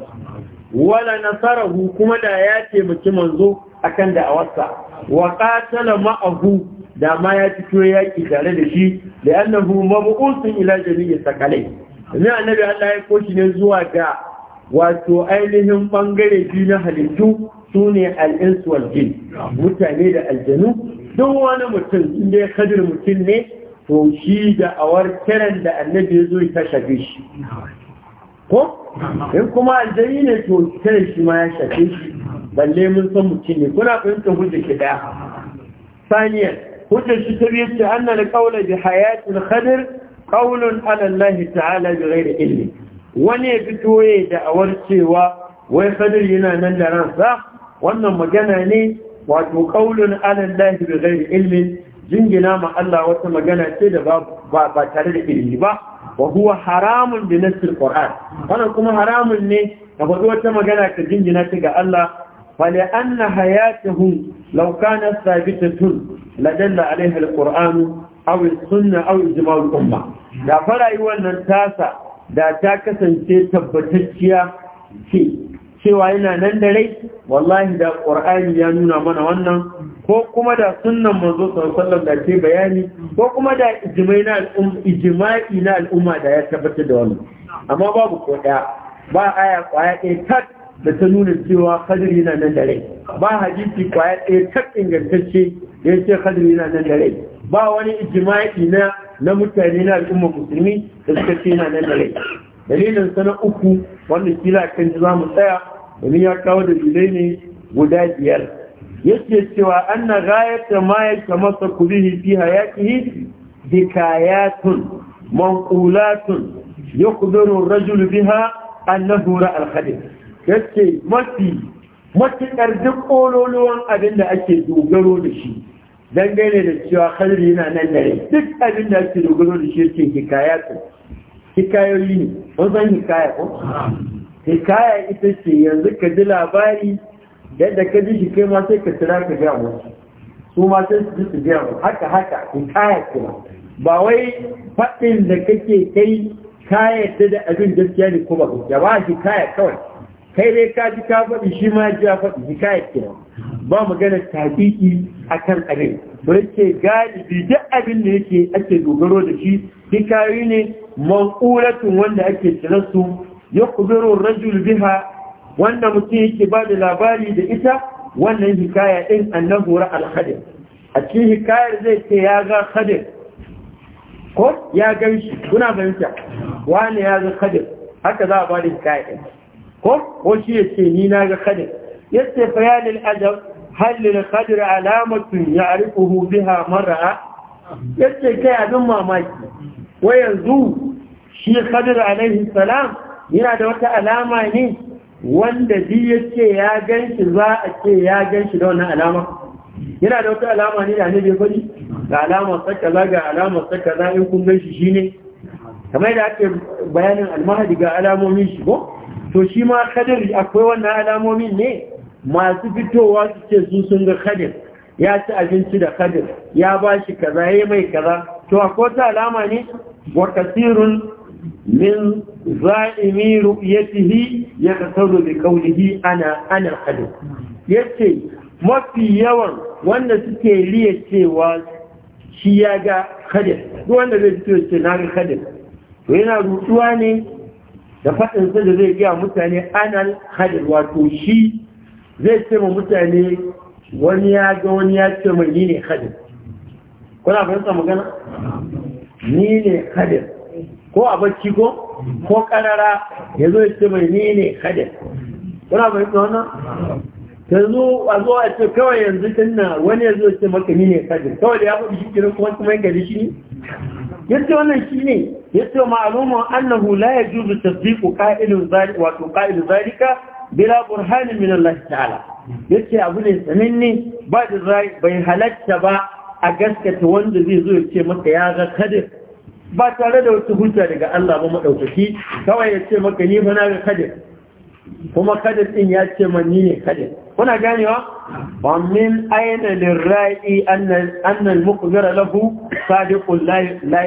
wala nasarahu kuma da ya taimaki manzo akan da awasa wa qatala ma'ahu da ma ya fito yaki tare da shi da annahu mabu'usun ila jami'i sakalai ne annabi Allah ya koshi ne zuwa ga wato ainihin bangare biyu na halittu sune al-insu wal jin mutane da aljanu duk wani mutum inda ya kadir mutum ne to shi da awar kiran da annabi ya zo ya shafe shi ko in kuma aljani ne to kai shi ma ya shafe shi balle mun san mutum ne kuna fahimta hujja ke daya saniya hujja shi ta biyu ce annal qawla bi hayatil khadir qawlun ala Allah ta'ala bi ghairi ilmi wani ya fito ya awar cewa wai khadir yana nan da ransa wannan magana ne wato qawlun ala Allah bi ghairi ilmi jingina ma Allah wata magana ce da ba ba tare da ilimi ba wa huwa haramun bi nasr qur'an wannan kuma haramun ne ka faɗi wata magana ka jingina ta ga Allah fa la anna hayatuhum law kana sabitatun dalla alaiha alquran aw sunna aw ijma'ul umma da farayuwar wannan tasa da ta kasance tabbatacciya ce cewa yana nan da rai wallahi da ƙwar'ani ya nuna mana wannan ko kuma da sunan manzo sallallahu da bayani ko kuma da ijima'i na al'umma da ya tabbatar da wannan amma babu ko ɗaya ba aya ƙwaya ɗaya tak da ta nuna cewa kadiri na nan da rai ba hadisi ƙwaya ɗaya tak ingantacce da ya ce kadiri na nan da rai ba wani ijima'i na na mutane na al'umma musulmi da suka ce na nan da rai dalilin sana uku wannan kila kan za mu tsaya domin ya kawo da dalilai ne guda biyar yake cewa anna ghayata masa yatamassa bihi fi hayatihi hikayatun mankulatun, ya ar-rajul biha annahu ra'a al-hadith yace mafi matuƙar duk ƙololuwan abin da ake dogaro da shi dangane da cewa kadiri yana nan dare duk abin da ake dogaro da shi yake hikayatun hikayoyi ne wani hikaya ko hikaya ita ce yanzu ka ji labari yadda ka ji shi kai ma sai ka tira ka gaya musu su ma su ji su gaya musu haka haka kaya ku ba wai faɗin da kake kai kaya ta da abin gaskiya ne kuma gaskiya ba hikaya kawai kai dai ka ji ka faɗi shi ma ji ya faɗi hikaya kira ba magana tabi'i akan abin ba yake galibi duk abin da yake ake dogaro da shi hikayoyi ne man'uratun wanda ake su. yukhbiru rajul biha wanda mutum yake ba da labari da ita wannan hikaya din annahu ra'al khadir a cikin hikayar zai ce ya ga khadir ko ya gan shi kuna fahimta wani ya ga khadir haka za a ba da hikaya din ko ko shi ya ce ni na ga khadir yace fayalil adab hal lil khadir alamatun ya'rifuhu biha mar'a yace kai abin mamaki wa yanzu shi khadir alaihi salam yana da wata alama ne wanda bi ya ce ya gan shi za a ce ya gan shi da wannan alama yana da wata alama ne da ne ya faɗi ga alamar saka za ga alamar saka za in kun gan shi shine kamar da ake bayanin almahadi ga alamomin shi ko to shi ma kadir akwai wannan alamomin ne masu fitowa su ce su sun ga kadir ya ci abinci da kadir ya ba shi kaza ya mai kaza to akwai wata alama ne wa kasirun min za'imi ru'yatihi ya kasaru bi qawlihi ana ana hadu yace mafi yawan wanda suke riya shi ya ga hadir duk wanda zai fito ce na ga hadir to yana rutuwa ne da faɗin sa da zai gaya mutane ana hadir wato shi zai ce ma mutane wani ya ga wani ya ce mai ni ne hadir kuna fahimta magana ni ne hadir ko a bacci ko ko karara ya zo ya ce mai ne ne kuna mai ta wannan ta zo a zo a ce kawai yanzu dinna wani ya zo ce maka ni ne hadin kawai da ya faɗi shi kiran kuma kuma yanka gari shi ne ya ce wannan shi ne ya ce ma'alumin annahu la ya juzu tasdiqu qa'ilun zalika wato qa'ilun zalika bila burhanin min Allah ta'ala ce abu ne sananne ba da bai halatta ba a gaskata wanda zai zo ya ce maka ya ga kadir ba tare da wata hujja daga Allah ba madaukaki kawai ya ce maka ni fa na ga kadir kuma kadir din ya ce man ni ne kadir kuna ganewa wa min aina lirra'i anna anna al-muqdira lahu sadiqul la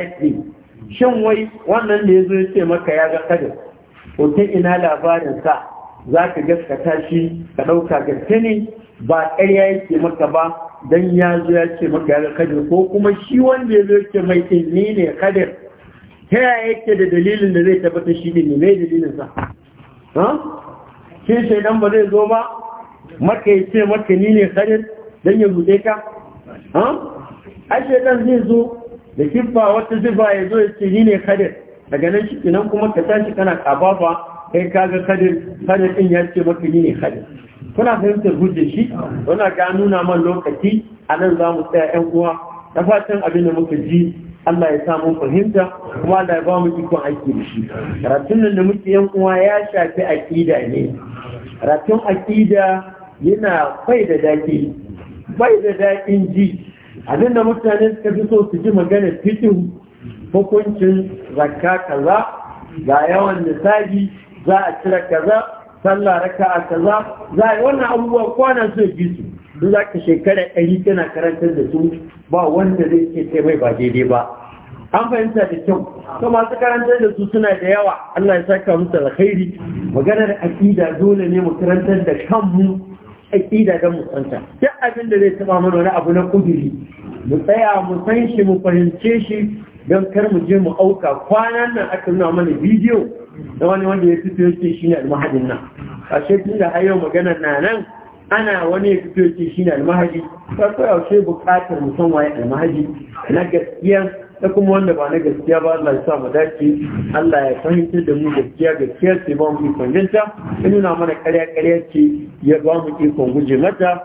shin wai wannan da yazo ya ce maka ya ga kadir ko ina labarin sa zaka gaskata shi ka ɗauka, gaske ne ba ƙarya yake maka ba dan ya zo ya ce maka ya kadir ko kuma shi wanda ya zo ya ce mai ilmi eh, ne kadir ta yaya yake da dalilin da zai tabbata shi ne mai dalilin sa ha sai dan ba zai zo ba maka ya ce maka ni ne kadir dan ya bude ka ha ai dan zai zo da kiffa wata zuba ya zo ya ce ni ne kadir daga nan shi kuma ka tashi kana kababa kai kaga kadir kadir din ya ce maka ni ne kadir kuna fahimtar hujjar shi wanda ga nuna man lokaci a nan za mu tsaya yan uwa da fatan abin da muka ji Allah ya samu fahimta kuma da ba mu ikon aiki da shi karatun nan da muke yan uwa ya shafi aƙida ne karatun aƙida yana bai da daki bai da dakin ji abin da mutane suka fi so su ji magana fitin hukuncin zakka kaza ga yawan nisabi za a cire kaza sallah raka a kaza za a yi wannan abubuwan kwana su yi su duk za ka shekara ɗari tana karantar da su ba wanda zai ce kai mai ba daidai ba an fahimta da kyau to masu karantar da su suna da yawa Allah ya saka musu alkhairi maganar aqida dole ne mu karantar da kanmu aqida da mu tsanta duk abin da zai taba mana wani abu na kudiri mu tsaya mu san shi mu fahimce shi don kar mu je mu auka kwanan nan aka nuna mana bidiyo da wani wanda ya fito yake shi ne almahadin nan a shekin da har magana na nan ana wani ya fito yake shi ne almahadi ta ya ce bukatar musan waye almahadi na gaskiya da kuma wanda ba na gaskiya ba Allah ya sa mu dace Allah ya fahimtar da mu gaskiya gaskiya ce ba mu ikon jinta ya nuna mana karya karya ce ya ba mu ikon guje mata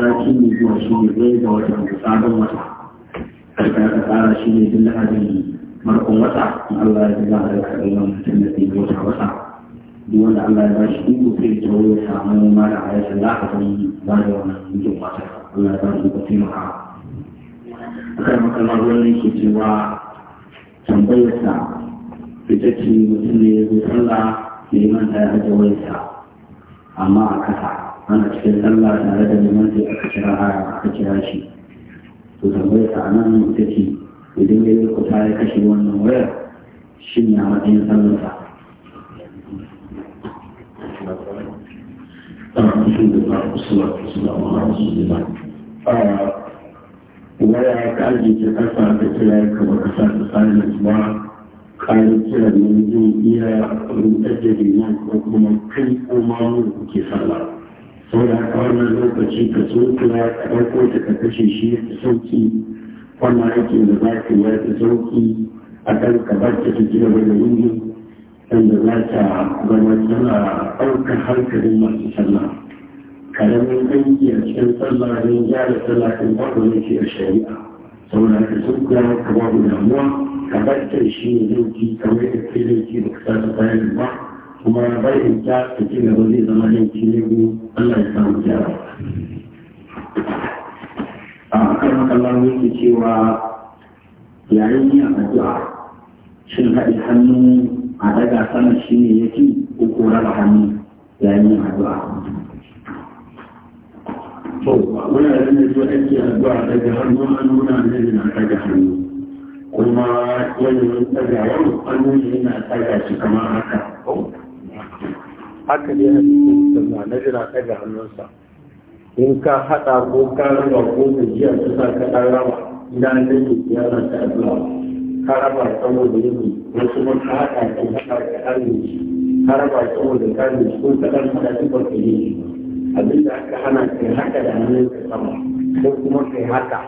sati ne zuwa shi ne ɗaya ga watan sabon wata karka ya tsara shi ne duk lahadin markon wata in Allah ya za a rika ɗaukan mutum da zai wata wata duk wanda Allah ya ba shi iko sai ta wuri samu mara a yasa za ka yi ba da wannan mutum wata Allah ya ba shi iko taimaka. Akan makamar wannan ke cewa tambayarsa ita ce mutum ne ya zo sallah ya yi manta ya ajiye wayarsa amma a kasa an a cikin sallah tare da neman sai aka kira aka kira shi to tambayar sa nan ita ce idan ya yi kuta ya kashe wannan wayar shin ya matsayin sallarsa waya ka ajiye kasa da kira ya kaba kasa da silence ba kayan kiran nan zai iya rubutar jirgin nan ko kuma kai ko mamu da kuke sallah saboda haka wannan lokaci ka so kira ka ɗauko ta ka kashe shi ya sauki wannan aikin da za ka yi fi sauki a kan ka bar ta ta gina wani yin wanda za ta zama tana ɗaukar hankalin masu sallah karamin aiki a cikin sallah ya gyara sallah kan babu ke a shari'a saboda haka sun ka babu damuwa ka bar ta shi ne zauki kamar da ke laifi ba ka sa ta bayan ba kuma barin ta ta ci gaba zai zama yanki ne ku Allah ya samu gyara. A kan makallon yake cewa yayin yin addu'a shin haɗe hannu a daga sama shi ne ya fi ko ko raba hannu yayin yin addu'a. To, wani yayin da zo ake addu'a daga hannu hannu na nan na daga hannu. Kuma yanayin ɗagawa hannu yana ɗaga shi kamar haka. haka ne hadisin sunna na jira daga hannunsa in ka haɗa ko ka raba ko ka jiya su sa ka ɗan raba idan da ke ziyara ta addu'a ka raba saboda yin wasu ma ka haɗa ka haɗa ka ɗan shi ka raba saboda ka yi ko ka ɗan haɗa ke ba ka abinda aka hana ka haɗa da hannun ka sama ko kuma ka yi haka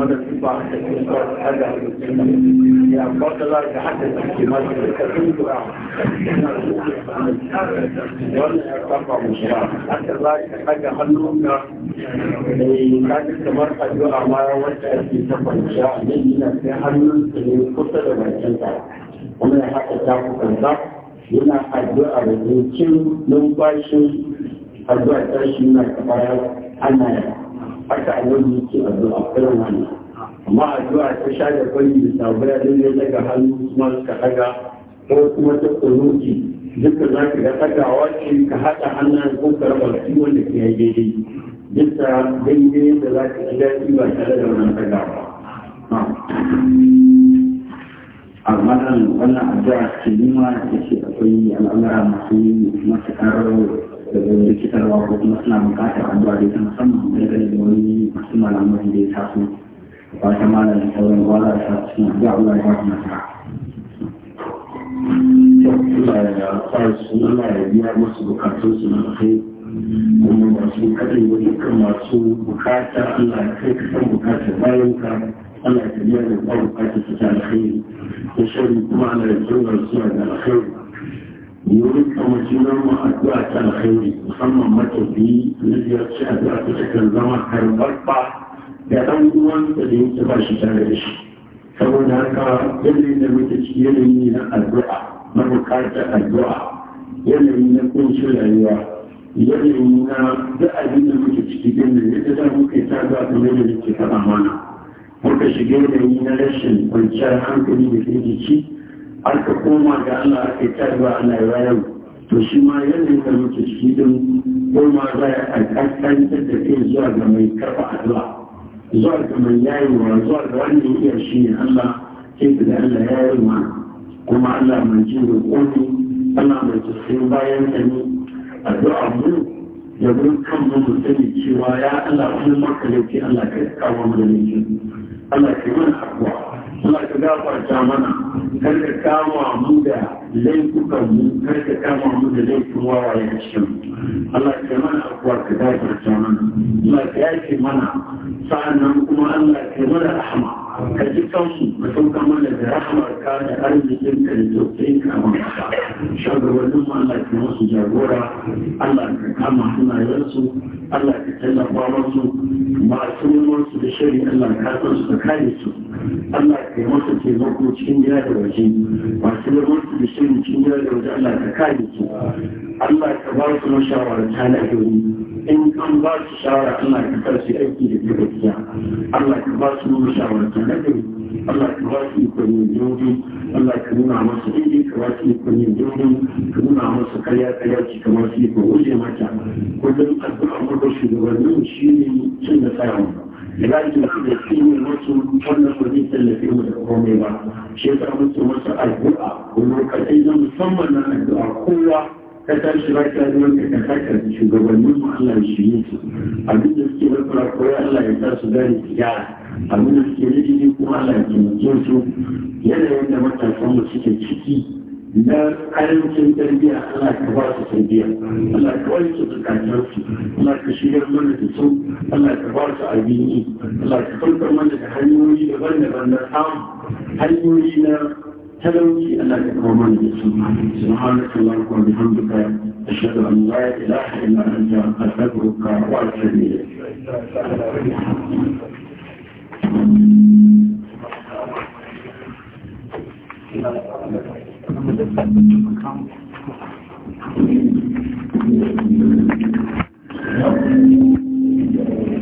وانا تطلع حتى تنقل حاجة يا أبطال الله تحدث احتمال تكون وانا ارتفع مشروع حتى الله حاجة خلوك كانت كمرة يقع ما وجهت في سفر مشروع من هنا في حلول في قصة ومجنة ومن حتى تعرف الضغط هنا الدعاء بالروتين نوباشي الدعاء تشمل كفاية أنا haka annabi yake addu'a kiran wani amma addu'a ta shaga kwani da sabaya don ya daga hannu kuma suka daga ko kuma ta kunuti duka za ka ga tagawa ce ka haɗa hannun ko ka raba shi wanda ke yi daidai duka daidai da za ka ji daɗi ba tare da wannan tagawa amma nan wannan addu'a ce nima da ke akwai al'amura masu matuƙar domin rikitarwa ko kuma suna bukatar addu'a da ta musamman dangane da wani masu malaman da ya taso ba ta malamin sauran ba za ta suna addu'a Allah ya ba su nasara. Allah ya fara su Allah ya biya musu bukatun su na kai kuma masu kaɗai wani kan masu bukata Allah ya kai kasan bukatar bayan ka Allah ya biya da ba bukatar su ta alkhairi. Ya shari kuma Allah ya zurga su da alkhairi. يريد كمشينا أدعاء الخير محمد متوفي الذي يخشى أدعاء تتكلم كالبرقع يقول دوان تدين تباشي تاريش فمن هكا يلي نمتج يلي من الدعاء مركات الدعاء يلي من كل شلعية يلي من دعاء نمتج تجينا يتدعو كتابة تنمي لكتاب أمانا Muka shige da yi na rashin kwanciyar hankali da ke jiki aka koma ga Allah ake tarba ana rayar to shi ma yanayin da muke shi din koma za a kaskantar da kai zuwa ga mai karɓa addu'a zuwa ga mai yayewa zuwa ga wanda ya iya shi ne Allah sai ga Allah ya yi ma kuma Allah mai jin roƙoni Allah mai tasirin bayan ta ne addu'a mu da mun kan mu mu sani cewa ya Allah kuma maka laifi Allah ka kawo mu da laifi Allah ka yi mana abuwa Allah ka gafarta mana kan ka kama mu da laifukan mu ka kama mu da laifin wawaye a Allah ka kuma Allah ka rahama ka mana da rahamar ka da arzikin ka da tausayin ka ma shugabannin mu Allah Allah kama Allah da shari Allah ka san su ka kare su Allah cikin gida waje masu da cikin jiya da wajen Allah ka kare su Allah ka ba su mashawarta na gari in an ba su shawara Allah ka kar su aiki da ke gaskiya Allah ka ba su mashawarta na gari Allah ka ba su ikon yin jirgi Allah ka nuna masu daidai ka ba su ikon yin jirgi ka nuna masu karya karya ci ka ba su ikon wuce mata kullum addu'a maka shugabannin shi ne cin nasara لذلك نحن فيه الرسل كنا فريسا التي هو الأمم شيخ أبو سمسة الدعاء ومرك أيضا مصمم الدعاء قوة kasar shi ba ta zuwa ka kasaka da shugabannin mu Allah ya shirye su abin da suke da fara koyi Allah ya sa su gane tijara abin da suke da kuma Allah ya taimake su yanayin da matasan mu suke ciki na karancin tarbiyya Allah ka ba su tarbiyya Allah ka wani su bukatar su Allah ka shigar mana da su Allah ka ba su abin yi Allah ka farkar mana da hanyoyi daban-daban na samu hanyoyi na talauci Allah ka kawo mana da su subhanaka Allahumma wa bihamdika ashhadu an la ilaha illa anta astaghfiruka wa atubu ilayk Thank you. Thank you.